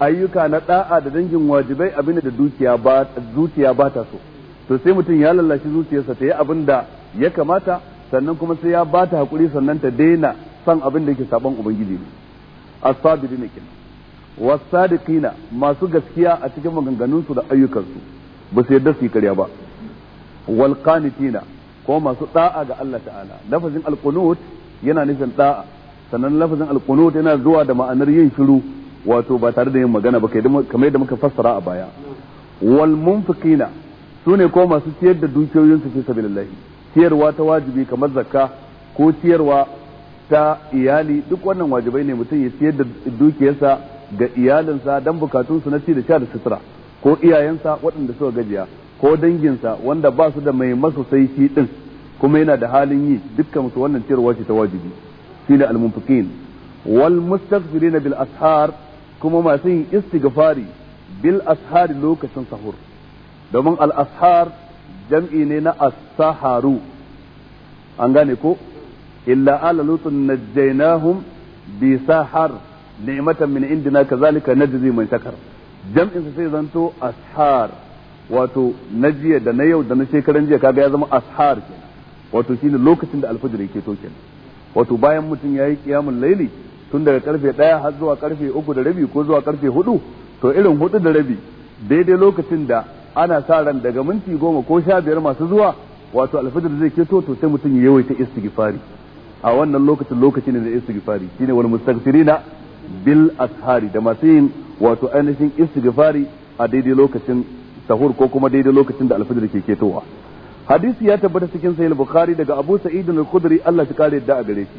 A: ayyuka na da'a da dangin wajibai abin da dukiya ba zuciya ba ta so to sai mutum ya lallashi zuciyarsa ta yi abin da ya kamata sannan kuma sai ya ba ta hakuri sannan ta daina san abin da yake saban ubangiji ne as-sabirin kin was-sadiqina masu gaskiya a cikin maganganunsu da ayyukansu ba su yarda su yi karya ba wal qanitina ko masu da'a ga Allah ta'ala lafazin al-qunut yana nufin da'a sannan lafazin alqunut yana zuwa da ma'anar yin shiru wato ba tare da yin magana ba kamar yadda muka fassara a baya wal munfiqina sune ko masu ciyar da dukiyoyinsu fi sabilillah ciyarwa ta wajibi kamar zakka ko ciyarwa ta iyali duk wannan wajibai ne mutum ya ciyar da dukiyarsa ga iyalinsa don bukatunsu na ci da sha da sutura ko iyayensa waɗanda suka gajiya ko danginsa wanda ba su da mai masu sai shi ɗin kuma yana da halin yi dukkan su wannan ciyarwa ce ta wajibi shine al-munfiqin wal mustaghfirina bil ashar kuma masu yin istighfari bil ashar lokacin sahur domin al ashar jam'i ne na as-saharu an gane ko illa ala lutun najjaynahum bi sahar ni'matan min indina kazalika najzi man shakara jam'in sa sai zanto ashar wato na da na yau da na shekaran jiya kaga ya zama ashar wato shine lokacin da alfajir yake to wato bayan mutum ya yi kiyamun laili tun daga karfe daya har zuwa karfe uku da rabi ko zuwa karfe hudu to irin hudu da rabi daidai lokacin da ana sa ran daga minti goma ko sha biyar masu zuwa wato alfajir zai keto to sai mutum ya yawaita istighfari a wannan lokacin lokaci ne da istighfari shine wani mustaghfirina bil ashari da masu yin wato ainihin istighfari a daidai lokacin sahur ko kuma daidai lokacin da alfajir ke ketowa hadisi ya tabbata cikin sahih bukhari daga abu sa'id al-khudri Allah shi kare da a gare shi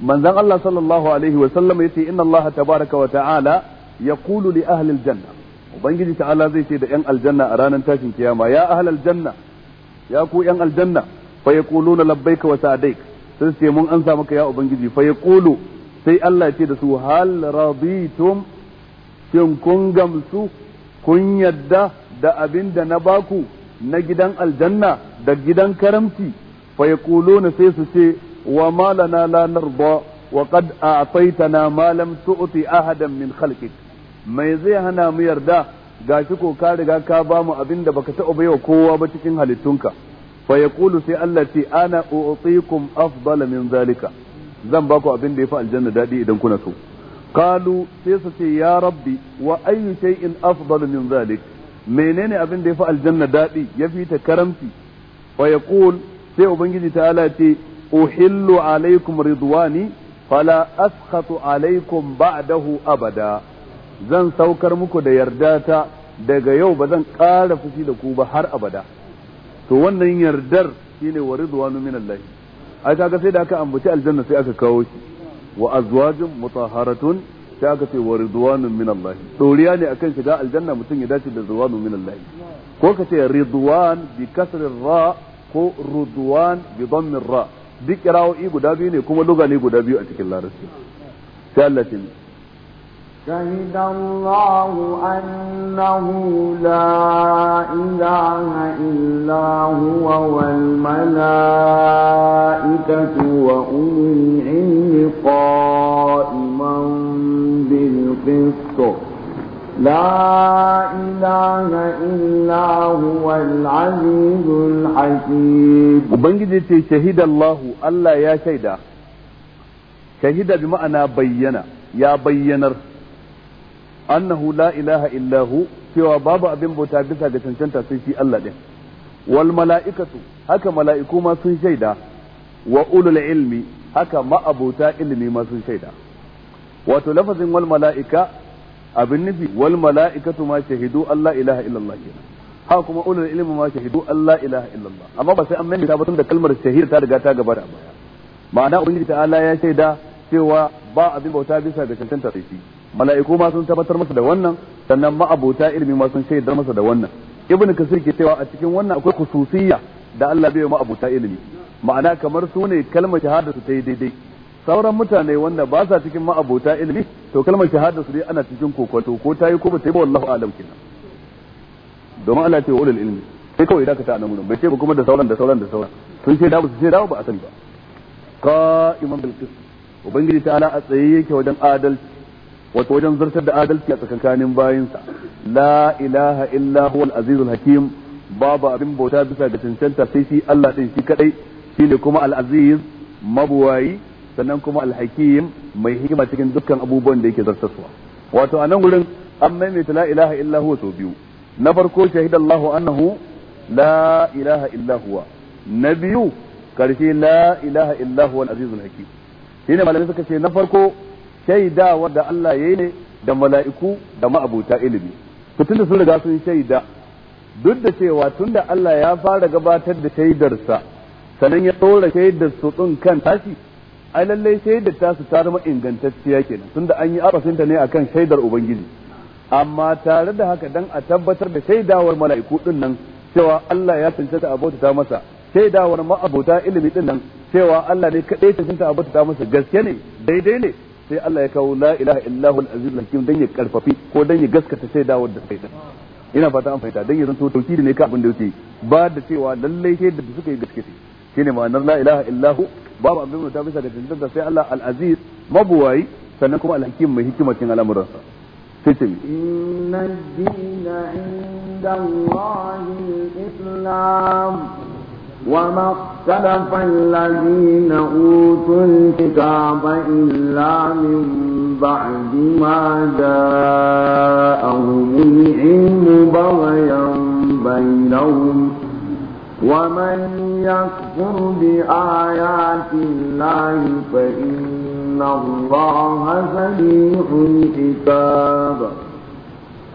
A: manzon Allah sallallahu alaihi wa sallam yace inna Allah tabaraka wa ta'ala yaqulu li ahli al-janna ubangiji ta'ala zai ce da yan aljanna a ranar tashin kiyama ya ahli al-janna ya ku yan aljanna fa yaquluna labbaika wa sa'daik sai ce mun ansa maka ya ubangiji fa yaqulu sai Allah ya ce da su hal raditum shin kun gamsu kun yadda da abin da na baku na gidan aljanna da gidan karamci fa na sai su ce wa malana la narda wa qad a'taytana ma lam tu'ti ahadan min khalqik mai zai hana mu yarda gashi ko ka riga ka ba mu abin da baka taɓa baiwa kowa ba cikin halittunka fa yaqulu sai Allah ce ana u'tikum afdala min zalika zan ba ku abin da yafi aljanna dadi idan kuna so qalu sai su ce ya rabbi wa ayyu shay'in afdalu min zalika menene abin da ya fi aljanna daɗi ya fi ta karamci fa sai ubangiji ta'ala ce uhillu alaikum ridwani fala askhatu alaikum ba'dahu abada zan saukar muku da yarda ta daga yau ba zan ƙara fushi da ku ba har abada to wannan yardar shine wa ridwanu min Allah ai kaga sai da aka ambaci aljanna sai aka kawo shi wa azwajun mutahharatun sai aka ce wa ridwanun min Allah doriya ne akan shiga aljanna mutum ya dace da ridwanun min Allah ko ka ce ridwan bi kasrir ra ko ridwan bi dammir ra duk qira'o'i guda biyu ne kuma lugha ne guda biyu a cikin larabci sai Allah ya
B: شهد الله أنه لا إله إلا هو والملائكة وأولي العلم قائما بالقسط لا إله إلا هو العزيز الحكيم
A: وبنجد شهد الله ألا يا شهد شهد بمعنى بينا يا بينر أنه cewa babu abin bauta bisa ga cancanta sai shi Allah ɗin. wal mala'ikatu haka mala'iku ma sun shaida wa ulul ilmi haka ma'abota ilimi ma sun shaida wato lafazin wal mala'ika abin nufi wal mala'ikatu ma shahidu Allah ilaha illallah kenan ha kuma ulul ilmi ma shahidu Allah ilaha illallah amma ba sai an ta batun da kalmar shahir ta riga ta gaba da baya ma'ana ubangiji ta'ala ya shaida cewa ba abin bauta bisa ga cancanta sai shi mala'iku ma sun tabbatar masa da wannan sannan ma'abota ilmi ma sun shaidar masa da wannan ibn kasir ke cewa a cikin wannan akwai kususiyya da Allah bai wa ilimi. ilmi ma'ana kamar su ne kalmar shahada su ta yi daidai sauran mutane wanda ba sa cikin ma'abota ilimi to kalmar shahada su dai ana cikin kokoto ko ta yi ko ba ta yi ba wallahu alam kenan domin Allah ce ulul ilmi sai kawai dakata a ta nan bai ce ba kuma da sauran da sauran da sauran sun ce da ba su ce da ba a sani ba qa'iman bil qist ubangiji ta'ala a tsaye yake wajen adalci wato wajen zartar da adalci a tsakankanin bayinsa la ilaha illa huwal azizul hakim babu abin bauta bisa ga cancanta sai shi Allah din shi kadai shine kuma al aziz mabuwayi sannan kuma alhakim mai hikima cikin dukkan abubuwan da yake zartaswa wato a nan gurin an maimaita la ilaha illa huwa sau biyu na farko shahida Allahu annahu la ilaha illa huwa na biyu karshe la ilaha illa huwa al-azizul hakim ne malamai suka ce na farko shaidawa da Allah ya yi ne da mala'iku da ma'abuta ilimi to tunda sun riga sun shaida duk da cewa tunda Allah ya fara gabatar da shaidarsa sannan ya tsora shaidar su din kan tashi ai lallai shaidar ta su tare zama ingantacciya kenan tunda an yi abasinta ne akan shaidar ubangiji amma tare da haka dan a tabbatar da shaidawar mala'iku din nan cewa Allah ya ta abota ta masa shaidawar ma'abota ilimi din nan cewa Allah ne kadai cancanta abota ta masa gaske ne daidai ne sai Allah ya kawo la ilaha illahu al-aziz al-hakim dan ya karfafi ko dan ya gaskata shaidawar da sai ina fata an fahimta dan yanzu to tauki ne ka abin da yake ba da cewa lallai sai da suka yi gaske shine ma'anar la ilaha illahu babu abin ta bisa ga da sai Allah al-aziz mabuwayi sannan kuma al-hakim mai hikimacin al'amuransa sai ce inna
B: ad-dina inda Allah al-islam وما ma الذين أوتوا الكتاب إلا من بعد ما جاءهم العلم بغيا بينهم ومن يكفر بآيات الله فإن الله سريع الكتاب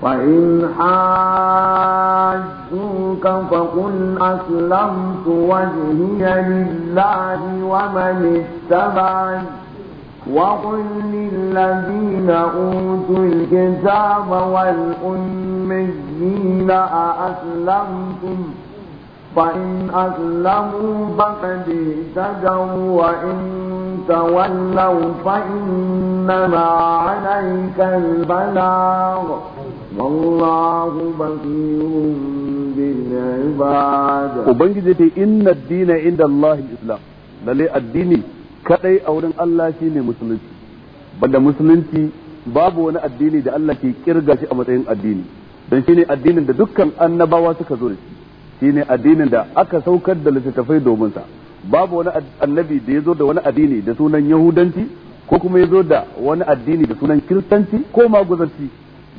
B: فإن حاجوك فقل أسلمت وجهي لله ومن اتبعني وقل للذين أوتوا الكتاب والأميين أأسلمتم ۖ فإن أسلموا فقد اهتدوا وإن تولوا فإنما عليك البلاغ والله
A: بصير بالعباد وبنجد إن الدين عند الله الإسلام للي الدين kadai a wurin Allah shi ne musulunci banda musulunci babu wani addini da Allah ke ƙirga shi a matsayin addini don shi ne addinin da dukkan annabawa suka zo da shi shine addinin da aka saukar da littattafai domin sa babu wani annabi da ya zo da wani addini da sunan yahudanci ko kuma ya zo da wani addini da sunan kiristanci ko maguzanci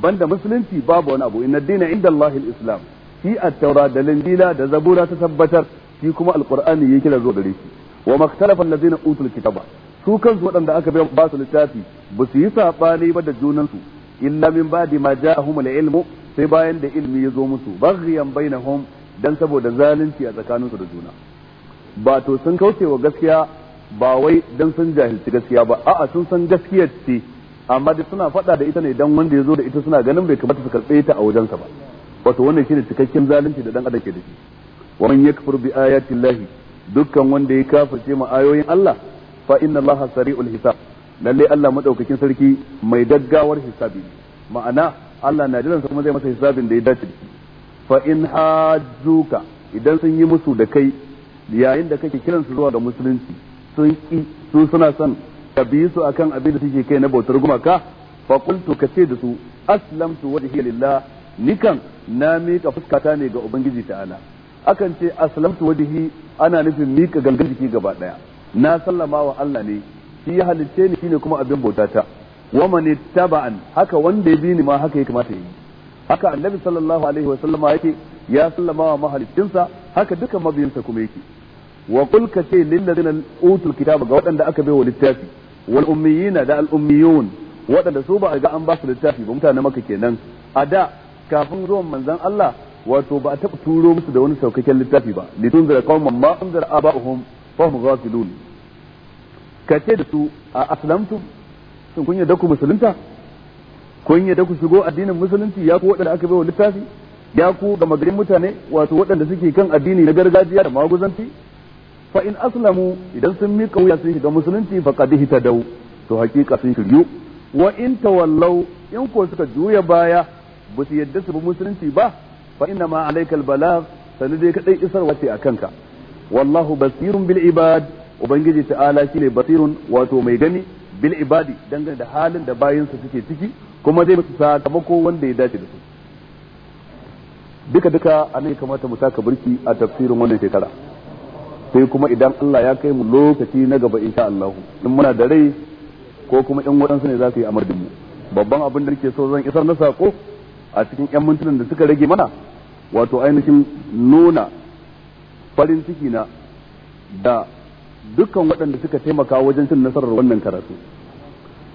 A: banda musulunci babu wani abu inna dina inda Allah islam shi at-taura da linjila da zabura ta tabbatar shi kuma alqur'ani ya kira zo gare shi wa maktalafa allazina utul kitaba su kansu waɗanda aka ba su littafi ba su yi saɓani ba da junansu illa min ba'di ma ja'ahum al-ilmu sai bayan da ilmi ya zo musu baghiyan bainahum dan saboda zalunci a tsakaninsu da juna ba to sun kauce wa gaskiya ba wai dan sun jahilci gaskiya ba a'a sun san gaskiyar ce amma dai suna faɗa da ita ne dan wanda ya zo da ita suna ganin bai kamata su karɓe ta a wajensa ba wato wannan shine cikakken zalunci da dan adam ke da shi wa man yakfur bi ayati llahi dukkan wanda ya kafirce ma ayoyin Allah fa inna allaha sari'ul hisab lalle Allah madaukakin sarki mai gaggawar hisabi ma'ana Allah na jiran kuma zai masa hisabin da ya dace da shi fa in hajjuka idan sun yi musu da kai yayin da kake kiran su zuwa ga musulunci sun ki su suna san ka bi su akan abin da suke kai na bautar gumaka fa qultu ka da su aslamtu wajhi lillah nikan na mika fuskata ne ga ubangiji ta'ala akan ce aslamtu wajhi ana nufin mika gangan jiki gaba daya na sallama wa Allah ne shi ya halicce ni shine kuma abin bautata wa man ittaba'an haka wanda ya bi ni ma haka ya kamata yi haka annabi sallallahu alaihi wa sallama yake ya sallama wa mahalicinsa haka duka mabiyansa kuma yake wa qul ka ce lil ladina utul kitaba ga waɗanda aka bai wa littafi wal ummiyina da al ummiyun waɗanda su ba a ga an ba su littafi ba mutane maka kenan a da kafin zuwan manzon Allah wato ba a taɓa turo musu da wani saukakken littafi ba litunzira qauman ma unzira aba'uhum fa hum ghafilun ka ce da su a aslamtum sun kunya yarda ku musulunta kun yadda ku shigo addinin musulunci ya ku waɗanda aka baiwa littafi ya ku ga magarin mutane wato waɗanda suke kan addini na gargajiya da maguzanci fa in aslamu idan sun mika wuya sun shiga musulunci fa qad dau to haƙiƙa sun shiryu wa in tawallau in ko suka juya baya ba su yadda su bi musulunci ba fa inna ma alaikal balagh sanu dai kadai isarwa ce akan ka wallahu basirun bil ibad ubangiji ta'ala shine basirun wato mai gani bil ibadi dangane da halin da bayinsa suke ciki kuma zai musu sakamako wanda ya dace da su duka duka a ne kamata mu saka birki a tafsirin wannan shekara sai kuma idan Allah ya kai mu lokaci na gaba insha Allah in muna da rai ko kuma in waɗansu ne za su yi da mu babban abin da nake so zan isar na sako a cikin yan mintunan da suka rage mana wato ainihin nuna farin ciki na da dukkan waɗanda suka taimaka wajen cin nasarar wannan karatu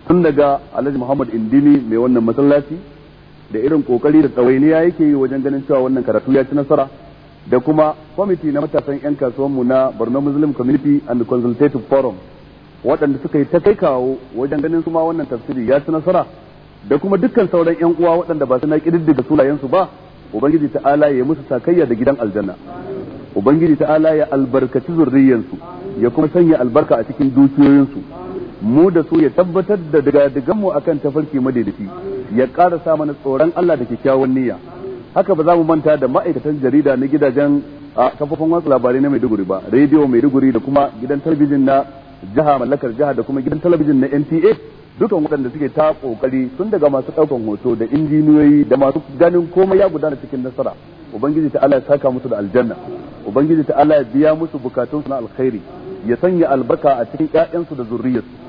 A: tun daga alhaji muhammad indimi mai wannan masallaci da irin kokari da tsawainiya yake yi wajen ganin cewa wannan karatu ya ci nasara da kuma kwamiti na matasan 'yan kasuwanmu na borno muslim community and consultative forum waɗanda suka yi ta kai kawo wajen ganin su ma wannan tafsiri ya ci nasara da kuma dukkan sauran 'yan uwa waɗanda ba su na ƙididdiga sulayensu ba ubangiji ta'ala ya musu sakayya da gidan aljanna ubangiji ta'ala ya albarkaci zurriyansu ya kuma sanya albarka a cikin dukiyoyinsu mu da su ya tabbatar da digadigan mu akan tafarki madaidaci ya ƙara sa mana tsoron Allah da kyakkyawan niyya haka ba za mu manta da ma'aikatan jarida na gidajen kafofin watsa labarai na Maiduguri ba rediyo Maiduguri da kuma gidan talabijin na jiha mallakar jiha da kuma gidan talabijin na NTA dukan waɗanda suke ta kokari tun daga masu ɗaukan hoto da injiniyoyi da masu ganin komai ya gudana cikin nasara ubangiji ta Allah ya saka musu da aljanna ubangiji ta Allah ya biya musu bukatunsu na alkhairi ya sanya albarka a cikin ƴaƴansu da zurriyarsu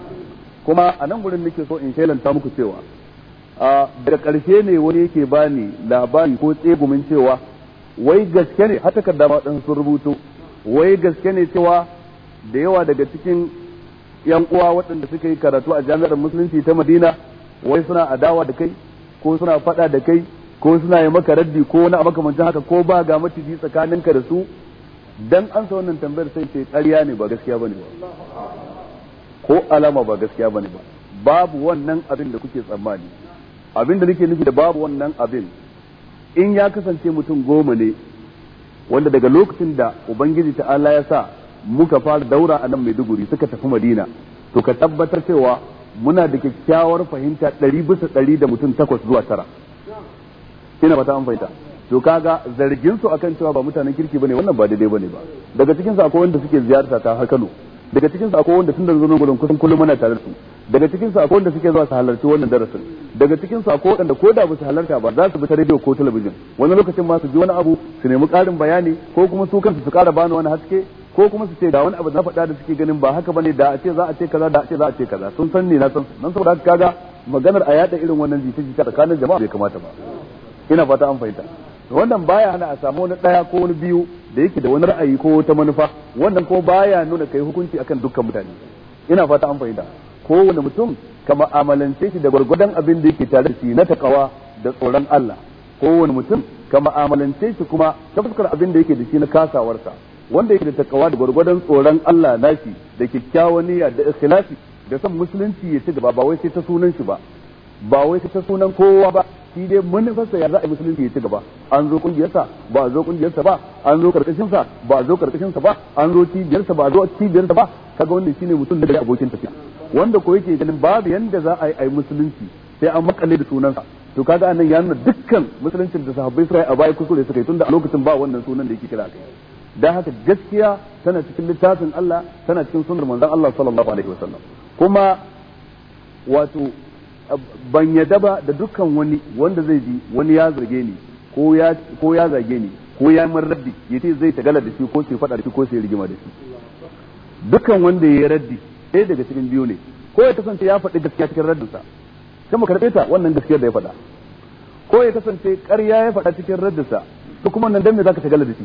A: kuma a nan gurin nake so in shelanta muku cewa a daga karshe ne wani yake bani labari ko tsegumin cewa wai gaske ne har takarda ma sun rubuto wai gaske ne cewa da yawa daga cikin yan uwa waɗanda suka yi karatu a jami'ar musulunci ta Madina wai suna adawa da kai ko suna faɗa da kai ko suna yi maka raddi ko wani makamancin haka ko ba ga maciji tsakaninka da su dan an sa wannan tambayar sai ce ƙarya ne ba gaskiya bane
C: ba
A: ko alama ba gaskiya bane ba babu wannan abin da kuke tsammani abin da nake nufi da babu wannan abin in ya kasance mutum goma ne wanda daga lokacin da ubangiji ta Allah ya sa muka fara daura a nan maiduguri suka tafi madina to ka tabbatar cewa muna da kyakkyawar fahimta ɗari bisa ɗari da mutum takwas zuwa tara ina fata an fahimta to kaga zargin su akan cewa ba mutanen kirki bane wannan ba daidai bane ba daga cikin su akwai wanda suke ziyarta ta har Kano daga cikin su akwai wanda tun da zuwa gudun kusan kullum muna tare su daga cikin su akwai wanda suke zuwa su halarci wannan darasin daga cikin su akwai wanda ko da ba su halarta ba za su bi ta radio ko talabijin wani lokacin ma su ji wani abu su nemi karin bayani ko kuma su kansu su kara bani wani haske ko kuma su ce da wani abu na faɗa da suke ganin ba haka bane da a ce za a ce kaza da a ce za a ce kaza sun sanni na san nan saboda haka kaga maganar a yada irin wannan jita-jita tsakanin jama'a bai kamata ba ina fata an fahimta wannan baya hana a samu wani daya ko wani biyu da yake da wani ra'ayi ko ta manufa wannan kuma baya nuna kai hukunci akan dukkan mutane ina fata an fahimta kowane mutum ka ma'amalance shi da gwargwadon abin da yake tare da shi na takawa da tsoron Allah kowane mutum ka ma'amalance shi kuma ta fuskar abin da yake da shi na kasawarsa wanda yake da takawa da gwargwadon tsoron Allah nashi da kyakkyawan niyya da ikhlasi da son musulunci ya ci gaba ba wai sai ta sunan shi ba ba wai sai ta sunan kowa ba shi dai manufarsa ya za a yi musulunci ya ci gaba an zo kungiyarsa ba a zo kungiyarsa ba an zo karkashinsa ba a zo karkashinsa ba an zo cibiyarsa ba a zo cibiyarsa ba kaga wannan shine mutum daga abokin tafiya wanda ko yake ganin babu yanda za a yi ai musulunci sai an makale da sunansa to kaga anan ya nuna dukkan musuluncin da sahabbai suka yi a baya kuskure suka yi tunda a lokacin ba wannan sunan da yake kira kai dan haka gaskiya tana cikin littafin Allah tana cikin sunnar manzon Allah sallallahu alaihi wasallam kuma wato ban yadda ba da dukkan wani wanda zai ji wani ya zarge ni ko ya ko zage ni ko ya mar raddi ce zai tagala da shi ko sai fada da shi ko sai rigima da shi dukkan wanda ya raddi ɗaya daga cikin biyu ne ko ya kasance ya faɗi gaskiya cikin raddinsa kuma karɓe ta wannan gaskiyar da ya faɗa ko ya kasance ƙarya ya faɗa cikin raddinsa to kuma nan dan me zaka tagala da shi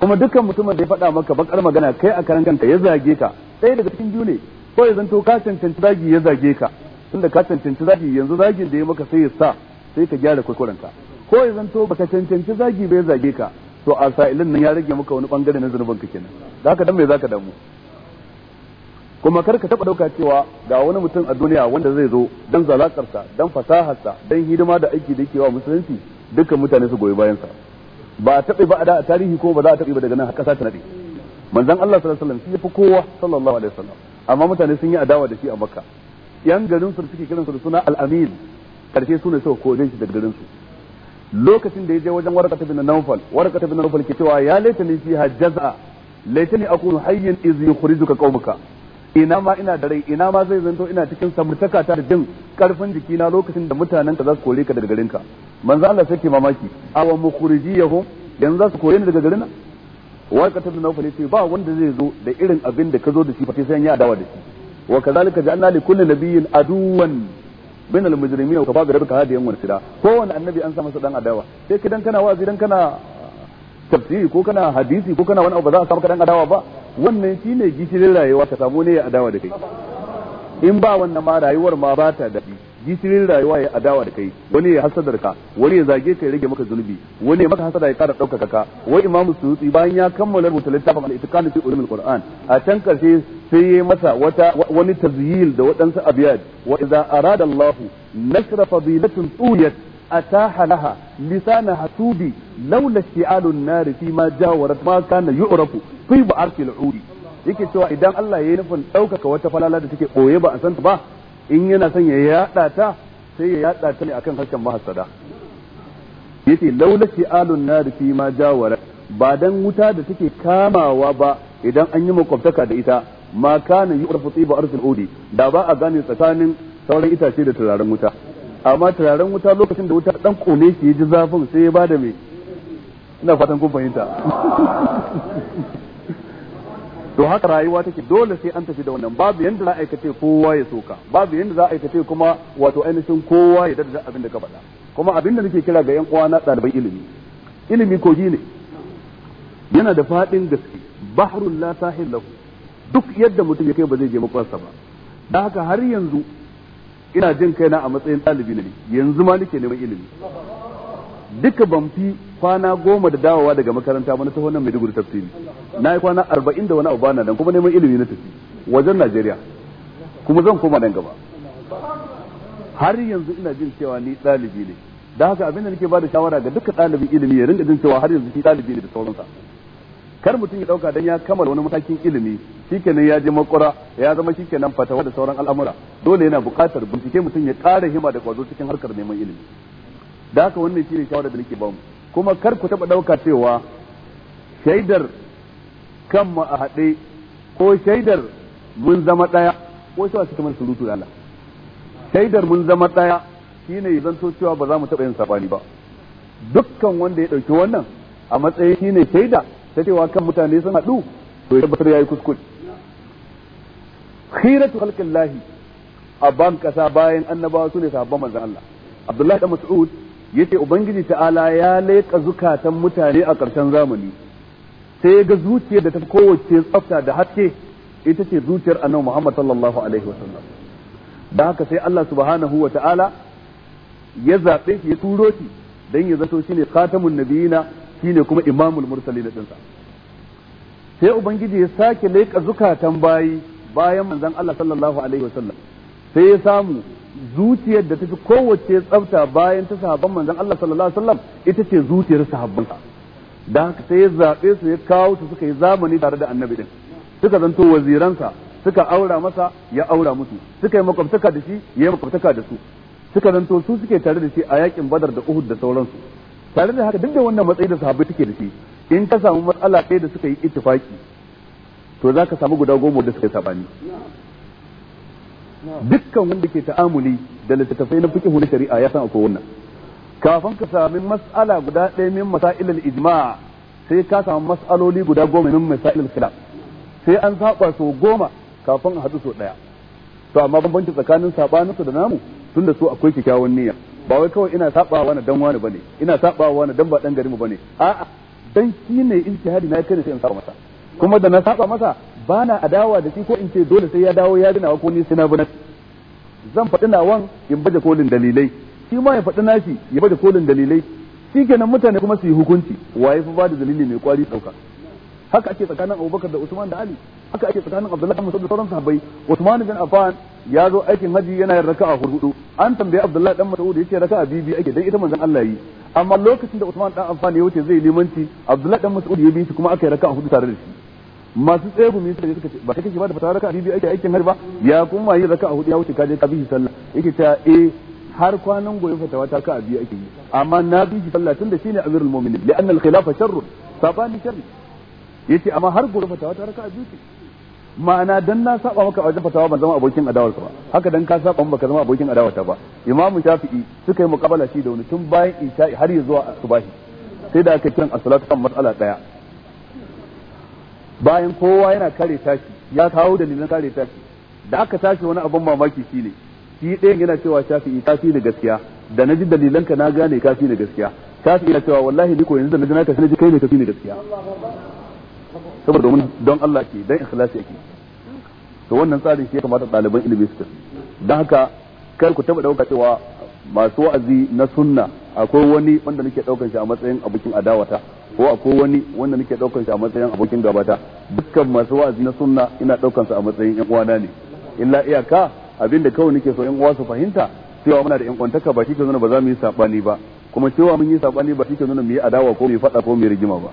A: kuma dukkan mutumin da ya faɗa maka bakar magana kai a karan kanka ya zage ka ɗaya daga cikin biyu ne ko ya zanto ka cancanci zagi ya zage ka tunda ka cancanci zagi yanzu zagin da ya maka sai ya sa sai ka gyara kuskurenka ko ya zanto baka cancanci zagi bai zage ka to a sa'ilin nan ya rage maka wani bangare na zunubanka kenan da haka dan me zaka damu kuma kar ka taba dauka cewa ga wani mutum a duniya wanda zai zo dan sa dan fasaharsa dan hidima da aiki da yake wa musulunci dukkan mutane su goyi bayan sa ba a taɓa ba a da a tarihi ko ba za a taɓa ba daga nan har ƙasa ta nade manzon Allah sallallahu alaihi wasallam shi yafi kowa sallallahu alaihi wasallam amma mutane sun yi adawa da shi a Makka yan garin su suke kiransa da suna al-amin karshe su ne suka shi daga garin su lokacin da ya je wajen warqata bin nawfal warqata bin nawfal ke cewa ya laitani fi hajjaza laitani akunu hayyan iz yukhrijuka qaumuka ina ma ina da rai ina ma zai zanto ina cikin samurtaka ta da jin karfin na lokacin da mutanen ka za su kore ka daga garin ka manzo Allah sai ke mamaki awa mukhrijiyahum yanzu za su kore ni daga garin warqata bin nawfal ce ba wanda zai zo da irin abin da ka zo da shi fa sai an yi adawa da shi wa kadhalika ja'alna li kulli nabiyyin aduwan min al mujrimin wa kafa bi rabbika hadiyan wa nasira kowanne annabi an sa masa dan adawa sai kidan kana wazi dan kana ah, tafsiri ko kana hadisi ko kana wani abu ba za a samu dan adawa ba wannan shine gishirin rayuwa ka samu ne ya adawa da kai in ba wannan ma rayuwar ma ba ta daɗi gishirin rayuwa ya adawa da kai wani ya hasadar ka wani ya zage ka ya rage maka zunubi wani ya maka hasada ya kara daukaka ka wai imamu suyuti bayan ya kammala rubuta littafin al-itiqan fi ulumul qur'an a can karshe sai yayi masa wata wani tazyil da wadansu abiyat wa idza arada Allahu nasra fadilatun tuyat ataha laha lisana hasudi laula shi'alun nar fi ma jawarat ma kana yu'rafu fi ba'arti uri yake cewa idan Allah yayi nufin daukaka wata falala da take koye ba a ta ba in yana son ya yada ta sai ya yada ta ne akan harshen mahassada yace laula alun nar fi ma jawara ba dan wuta da take kamawa ba idan an yi makwabtaka da ita ma kana yu'rafu tiba arsul udi da ba a gane tsakanin sauran itace da turaren wuta amma turaren wuta lokacin da wuta dan kone shi ya ji zafin sai ya bada me ina fatan kun fahimta to haka rayuwa take dole sai an tafi da wannan babu yanda za a aikace kowa ya soka babu yanda za a aikace kuma wato ainihin kowa ya dada abin da ka faɗa kuma abin da nake kira ga yan uwa na ilimi ilimi kogi ne yana da faɗin gaske bahrul la sahil lahu duk yadda mutum ya kai ba zai je makwarsa ba dan haka har yanzu ina jin kaina a matsayin ɗalibi ne yanzu ma nake neman ilimi duka ban fi kwana goma da dawowa daga makaranta ba na taho nan Maiduguri tafsiri na yi kwana arba'in da wani abu bana nan kuma neman ilimi na tafi wajen Najeriya kuma zan koma nan gaba har yanzu ina jin cewa ni ɗalibi ne da haka abin da nake ba da shawara ga dukkan ɗalibin ilimi ya rinka jin cewa har yanzu shi ɗalibi ne da sauransa kar mutum ya ɗauka dan ya kammala wani matakin ilimi shikenan ya je makura ya zama shikenan fatawa da sauran al'amura dole yana buƙatar bincike mutum ya ƙara hima da kwazo cikin harkar neman ilimi da haka wannan shine shawara da nake ba mu kuma kar ku taɓa ɗauka cewa shaidar kanmu a haɗe ko shaidar mun zama ɗaya ko shi wasu kamar surutu da Allah shaidar mun zama ɗaya shine ya cewa ba za mu taɓa yin sabani ba dukkan wanda ya ɗauki wannan a matsayin shine shaida ta cewa kan mutane sun hadu to ya tabbatar yayi kuskure khiratu khalqillahi a ban kasa bayan annabawa ne sahabban manzon Allah Abdullahi da Mas'ud yace ubangiji ta'ala ya leka zukatan mutane a karshen zamani sai ga zuciyar da ta kowace tsafta da haske ita ce zuciyar annabi Muhammad sallallahu alaihi wasallam da haka sai Allah subhanahu wa ta'ala ya zaɓe shi ya turo shi dan ya zato shine khatamun nabiyina shine kuma imamul mursalin sa sai ubangiji ya sake leka zukatan bayi bayan manzon Allah sallallahu alaihi wasallam sai ya samu zuciyar da ta fi kowace tsafta bayan ta sahabban manzon Allah sallallahu alaihi wasallam ita ce zuciyar sahabbansa da haka sai ya zabe su ya kawo su suka yi zamani tare da annabi din suka zanto waziransa suka aura masa ya aura musu suka yi makwabtaka da shi ya yi makwabtaka da su suka zanto su suke tare da shi a yakin badar da uhud da sauransu tare da haka duk da wannan matsayi da sahabbai suke da shi in ka samu matsala ɗaya da suka yi ittifaki to za ka samu guda goma da suka yi sabani dukkan wanda ke ta'amuli da littattafai na fiqh na shari'a ya san akwai wannan kafin ka sami mas'ala guda ɗaya min masailul ijma' sai ka samu mas'aloli guda goma min masailul khilaf sai an saba so goma kafin a haɗu so ɗaya to amma bambanci tsakanin sabanin su da namu da su akwai kyakkyawan niyya ba wai kawai ina wa na dan wani bane ina wa na dan ba dan ba bane a'a dan shi ne ijtihadi na kai sai in saba masa kuma da na saba masa ba na adawa da shi ko in ce dole sai ya dawo ya dina ko ni sai na bi zan faɗi nawan in baje kolin dalilai shi ma ya faɗi nashi ya baje kolin dalilai shi kenan mutane kuma su yi hukunci waye fa ba da dalili mai kwari dauka haka ake tsakanin abubakar da usman da ali haka ake tsakanin abdullahi masud da sauran sahabbai usman bin affan ya zo aikin haji yana yin raka'a hudu an tambaye abdullahi dan masud yace raka'a bibi ake dan ita manzon Allah yi amma lokacin da usman dan affan ya wuce zai limanci abdullahi dan masud ya bi shi kuma aka yi raka'a hudu tare da shi masu tsegumi suka je suka ce ba kai shi ba da fatawa raka'a biyu ake aikin har ba ya kuma yi a hudu ya wuce ka je ka bihi sallah yake ta eh har kwanan goyi fatawa ta ka biyu ake yi amma na bihi sallah tunda shine amirul mu'minin li'anna al-khilafa sharrun sabani sharri yace amma har goyi fatawa ta a biyu ce ma'ana dan na saba maka wajen fatawa ban zama abokin adawar ba haka dan ka saba maka zama abokin adawar ta ba imam shafi'i suka yi muqabala shi da wani tun bayan isha'i har ya zuwa subahi sai da aka kiran as-salatu kan mas'ala daya bayan kowa yana kare tashi ya kawo dalilan kare tashi da aka tashi wani abin mamaki shine shi ɗaya yana cewa shafi'i kafi da gaskiya da ji dalilan ka na gane kafi da gaskiya shafi yana cewa wallahi ni ko yanzu da naji naka sai ji kai ne kafi da gaskiya saboda domin don Allah ke dan ikhlasi yake to wannan tsarin shi ya kamata ɗaliban ilimi su dan haka kar ku taba dauka cewa masu wa'azi na sunna akwai wani wanda nake daukan shi a matsayin abokin adawata ko ko wani wanda nake daukan shi a matsayin abokin gabata dukkan masu wa'azi na sunna ina daukan su a matsayin yan uwana ne illa iyaka abinda kawai nake so yan uwa su fahimta cewa muna da yan kwantaka ba shi ke nuna ba za mu yi sabani ba kuma cewa mun yi sabani ba shi ke nuna mu yi adawa ko mu yi fada ko mu yi rigima ba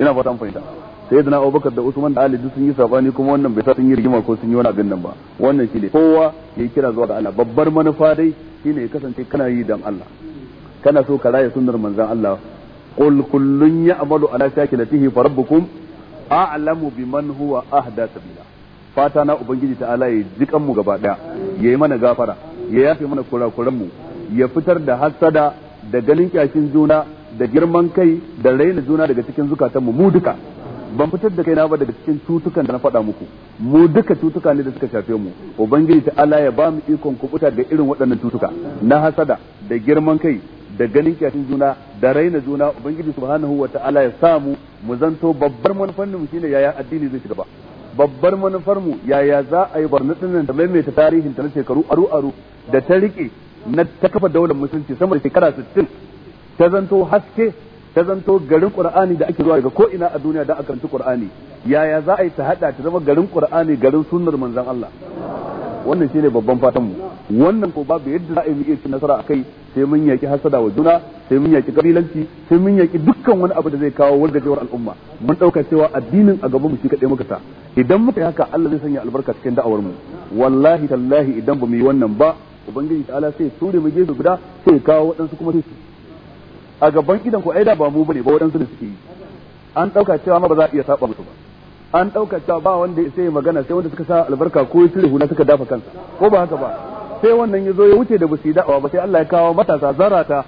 A: ina fata an fahimta sai da abubakar da usman da ali sun yi sabani kuma wannan bai sa sun yi rigima ko sun yi wani abin nan ba wannan ne kowa ya yi kira zuwa ga Allah babbar manufa dai shine ya kasance kana yi dan Allah kana so ka raya sunnar manzon Allah qul ya ya'malu ala shakinatihi farabbukum a'lamu biman huwa ahda ubangiji ta'ala ya jikan mu gaba daya yayi mana gafara ya yafe mana kurakuran mu ya fitar da hasada da ganin kyashin juna da kai da raina juna daga cikin mu mu ban fitar da kaina ba daga cikin cutukan da na faɗa muku mu duka cutuka ne da suka shafe mu ubangiji ta ya ba ikon kubuta da irin waɗannan cutuka na hasada da girman kai da ganin kyashin juna da raina juna ubangiji subhanahu wata'ala ya samu mu zanto babbar manufar mu shine yaya addini zai shiga ba babbar manufar mu yaya za a yi barnatin nan da maimaita tarihin ta na shekaru aru aru da ta rike na ta kafa daular musulunci sama da shekara 60 ta zanto haske ta zanto garin qur'ani da ake zuwa daga ko ina a duniya da aka karanta qur'ani yaya za a yi ta hada ta zama garin qur'ani garin sunnar manzon Allah wannan shine babban fatan mu wannan ko babu yadda za a yi cin nasara akai sai mun yaki hasada wa juna sai mun yaki kabilanci sai mun yaki dukkan wani abu da zai kawo wargajewar al'umma mun dauka cewa addinin a gaban mu shi kadai muka sa idan muka yi haka Allah zai sanya albarka cikin da'awar mu wallahi tallahi idan ba mu yi wannan ba ubangiji ta'ala sai ture mu gefe guda sai kawo waɗansu kuma sai a gaban idan ko aida ba mu bane ba waɗansu da suke yi an dauka cewa ma ba za a iya saba musu ba an ɗauka cewa ba wanda ya sai magana sai wanda suka sa albarka ko ya hula suka dafa kansa ko ba haka ba sai wannan ya zo ya wuce da basu da'awa ba sai Allah ya kawo matasa zarata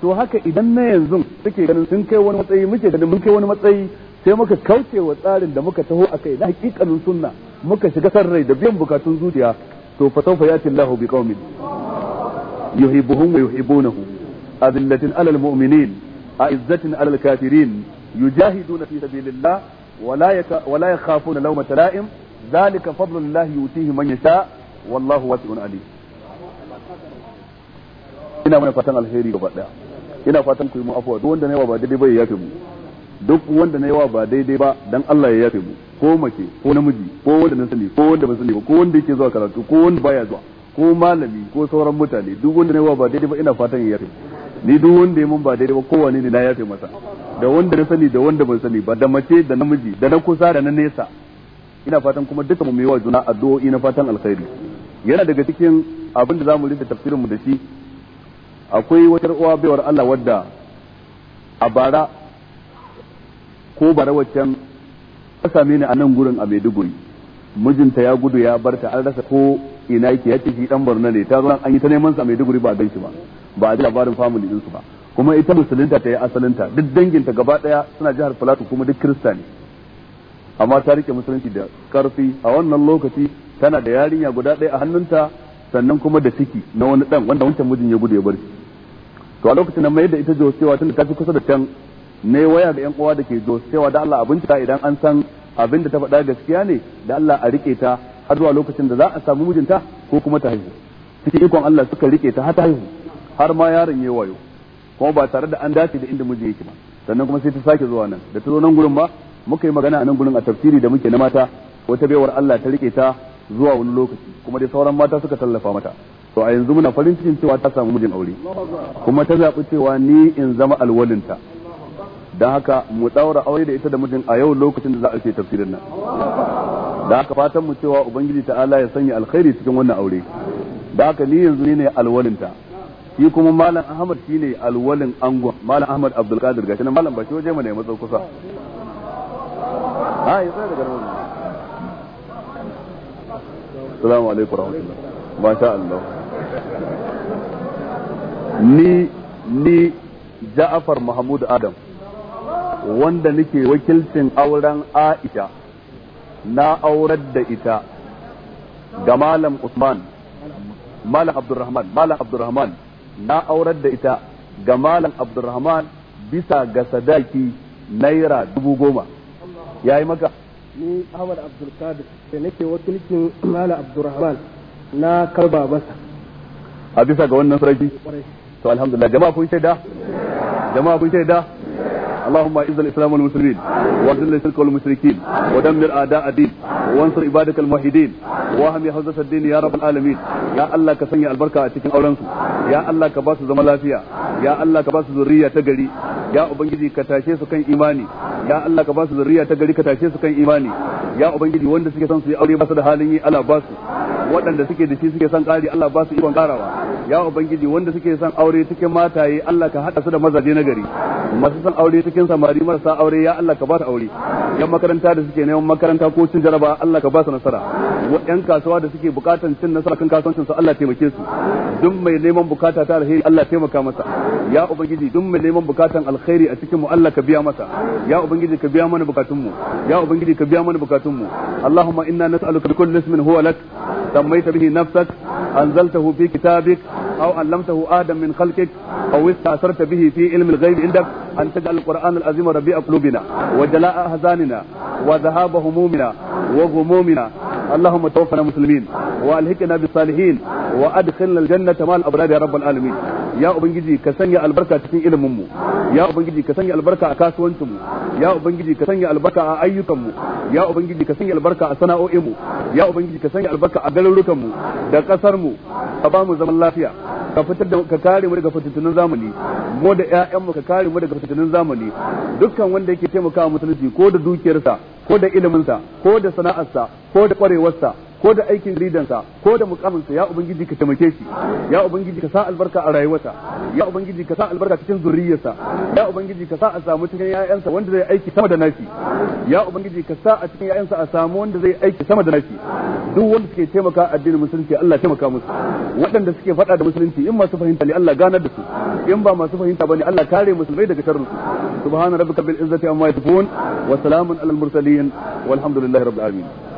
A: to haka idan na yanzu suke ganin sun kai wani matsayi muke ganin mun kai wani matsayi sai muka kauce wa tsarin da muka taho akai na hakikanin sunna muka shiga san rai da biyan bukatun zuciya to fa sawfa yati Allahu bi qaumin yuhibbuhum wa yuhibbunahu adillatin alal mu'minin a'izzatin alal kafirin yujahiduna fi sabilillah ولا يخافون لوم تلائم ذلك فضل الله يؤتيه من يشاء والله واسع عليم ina mai fatan alheri gaba daya ina fatan ku yi mu afuwa duk wanda na yawa ba daidai ba ya yafe mu duk wanda na yawa ba daidai ba dan Allah ya yafe mu ko mace ko namiji ko wanda na sani ko wanda ba sani ba ko wanda yake zuwa karatu ko wanda baya zuwa ko malami ko sauran mutane duk wanda na yawa ba daidai ba ina fatan ya yafe mu ni duk wanda ya mun ba daidai ba kowane ne na yafe masa da wanda na sani da wanda ban sani ba da mace da namiji da na kusa da na nesa ina fatan kuma duka mu wa juna addu'o'i na fatan alkhairi yana daga cikin abin da zamu rinka tafsirin mu da shi akwai wata uwa baiwar Allah wadda a bara ko bara waccan ta same ni a nan gurin a Maiduguri mijinta ya gudu ya barta an rasa ko ina yake ya shi dan Borno ne ta zo an yi ta neman sa a Maiduguri ba gan shi ba ba a ji labarin family din su ba kuma ita musulunta ta yi asalinta duk danginta gaba daya suna jihar filatu kuma duk kirista ne amma ta rike musulunci da karfi a wannan lokaci tana da yarinya guda daya a hannunta sannan kuma da ciki na wani dan wanda wancan mijin ya gudu ya bar shi to a lokacin nan mai da ita Josewa tunda ta fi kusa da can ne waya ga yan uwa da ke Josewa da Allah abinci idan an san abin da ta faɗa gaskiya ne da Allah a rike ta har zuwa lokacin da za a samu mijinta ko kuma ta haihu cikin ikon Allah suka rike ta har ta haihu har ma yaron ya wayo kuma ba tare da an dace da inda miji yake ba sannan kuma sai ta sake zuwa nan da ta zo nan gurin ma muka yi magana a nan gurin a tafsiri da muke na mata wata baiwar Allah ta rike ta zuwa wani lokaci kuma dai sauran mata suka tallafa mata to a yanzu muna farin cikin cewa ta samu mijin aure kuma ta zaɓi cewa ni in zama alwalinta don haka mu ɗaura aure da ita da mijin a yau lokacin da za a ce tafsirin nan da haka fatan mu cewa ubangiji ta'ala ya sanya alkhairi cikin wannan aure da haka ni yanzu ni ne alwalinta shi kuma malam ahmad shine alwalin angon malam ahmad abdul qadir gashi nan malam ba shi waje mu ne matsa kusa ha ah, yi tsaya daga nan salamu alaikum ba masha Allah ni ni Ja'afar Mahmud Adam wanda nake wakilcin auren Aisha na aurar da ita ga Malam Usman Malam Abdulrahman Malam Abdulrahman na aurar da ita ga malam abdurrahman bisa ga sadaki naira dubu goma ya yi maka ni ahmad abdulkadir da nake wakilcin malam abdurrahman na karba masa a bisa ga wannan sarki to alhamdulillah jama'a kun shaida jama'a kun shaida اللهم اعز الاسلام والمسلمين واذل الشرك والمشركين ودمر اعداء الدين وانصر عبادك الموحدين واهم حوزه الدين يا رب العالمين يا الله albarka a cikin auren su ya Allah ka lafiya ya ubangiji ka tashe su kan imani ka tashe su kan imani ubangiji wanda suke son su yi aure ba su da halin yi ala ba su waɗanda suke da shi suke son ƙari Allah ba su ikon ƙarawa ya ubangiji wanda suke son aure cikin mataye Allah ka haɗa su da mazaje na gari masu son aure cikin samari marasa aure ya Allah ka ba su aure yan makaranta da suke neman makaranta ko cin jaraba Allah ka ba su nasara yan kasuwa da suke bukatan cin nasara kan kasuwancin su Allah taimake su duk mai neman bukata ta alheri Allah taimaka masa ya ubangiji duk mai neman bukatan alheri a cikin mu Allah ka biya masa ya ubangiji ka biya mana bukatun mu ya ubangiji ka biya mana bukatun mu Allahumma inna nas'aluka bi kulli ismin huwa lak سميت به نفسك أنزلته في كتابك أو علمته آدم من خلقك أو استأثرت به في علم الغيب عندك أن تجعل القرآن العظيم ربيع قلوبنا وجلاء أحزاننا وذهاب همومنا وغمومنا اللهم توفنا مسلمين والهكنا بالصالحين وادخلنا الجنه مع الابرار يا رب العالمين ya ubangiji ka sanya albarka cikin ilimin mu ya ubangiji ka sanya albarka a kasuwancin mu ya ubangiji ka sanya albarka a ayyukan mu ya ubangiji ka sanya albarka a sana'o'in mu ya ubangiji ka sanya albarka a garin garurukan mu da kasar mu ka ba mu zaman lafiya ka fitar da ka kare mu daga fitintunan zamani mu da ƴaƴan mu ka kare mu daga fitintunan zamani dukkan wanda yake taimakawa musulunci ko da dukiyarsa ko da iliminsa ko da sana'arsa ko da kwarewarsa ko da aikin ridansa ko da mukaminsa ya ubangiji ka taimake shi ya ubangiji ka sa albarka a rayuwarsa ya ubangiji ka sa albarka cikin zuriyarsa ya ubangiji ka sa a samu cikin ƴaƴansa wanda zai aiki sama da nashi ya ubangiji ka sa a cikin ƴaƴansa a samu wanda zai aiki sama da nashi duk wanda suke taimaka addinin musulunci Allah taimaka musu waɗanda suke faɗa da musulunci in masu fahimta ne Allah ganar da su in ba masu fahimta bane Allah kare musulmai daga sharrin su subhana rabbika bil izzati amma yasifun wa salamun alal mursalin walhamdulillahi rabbil alamin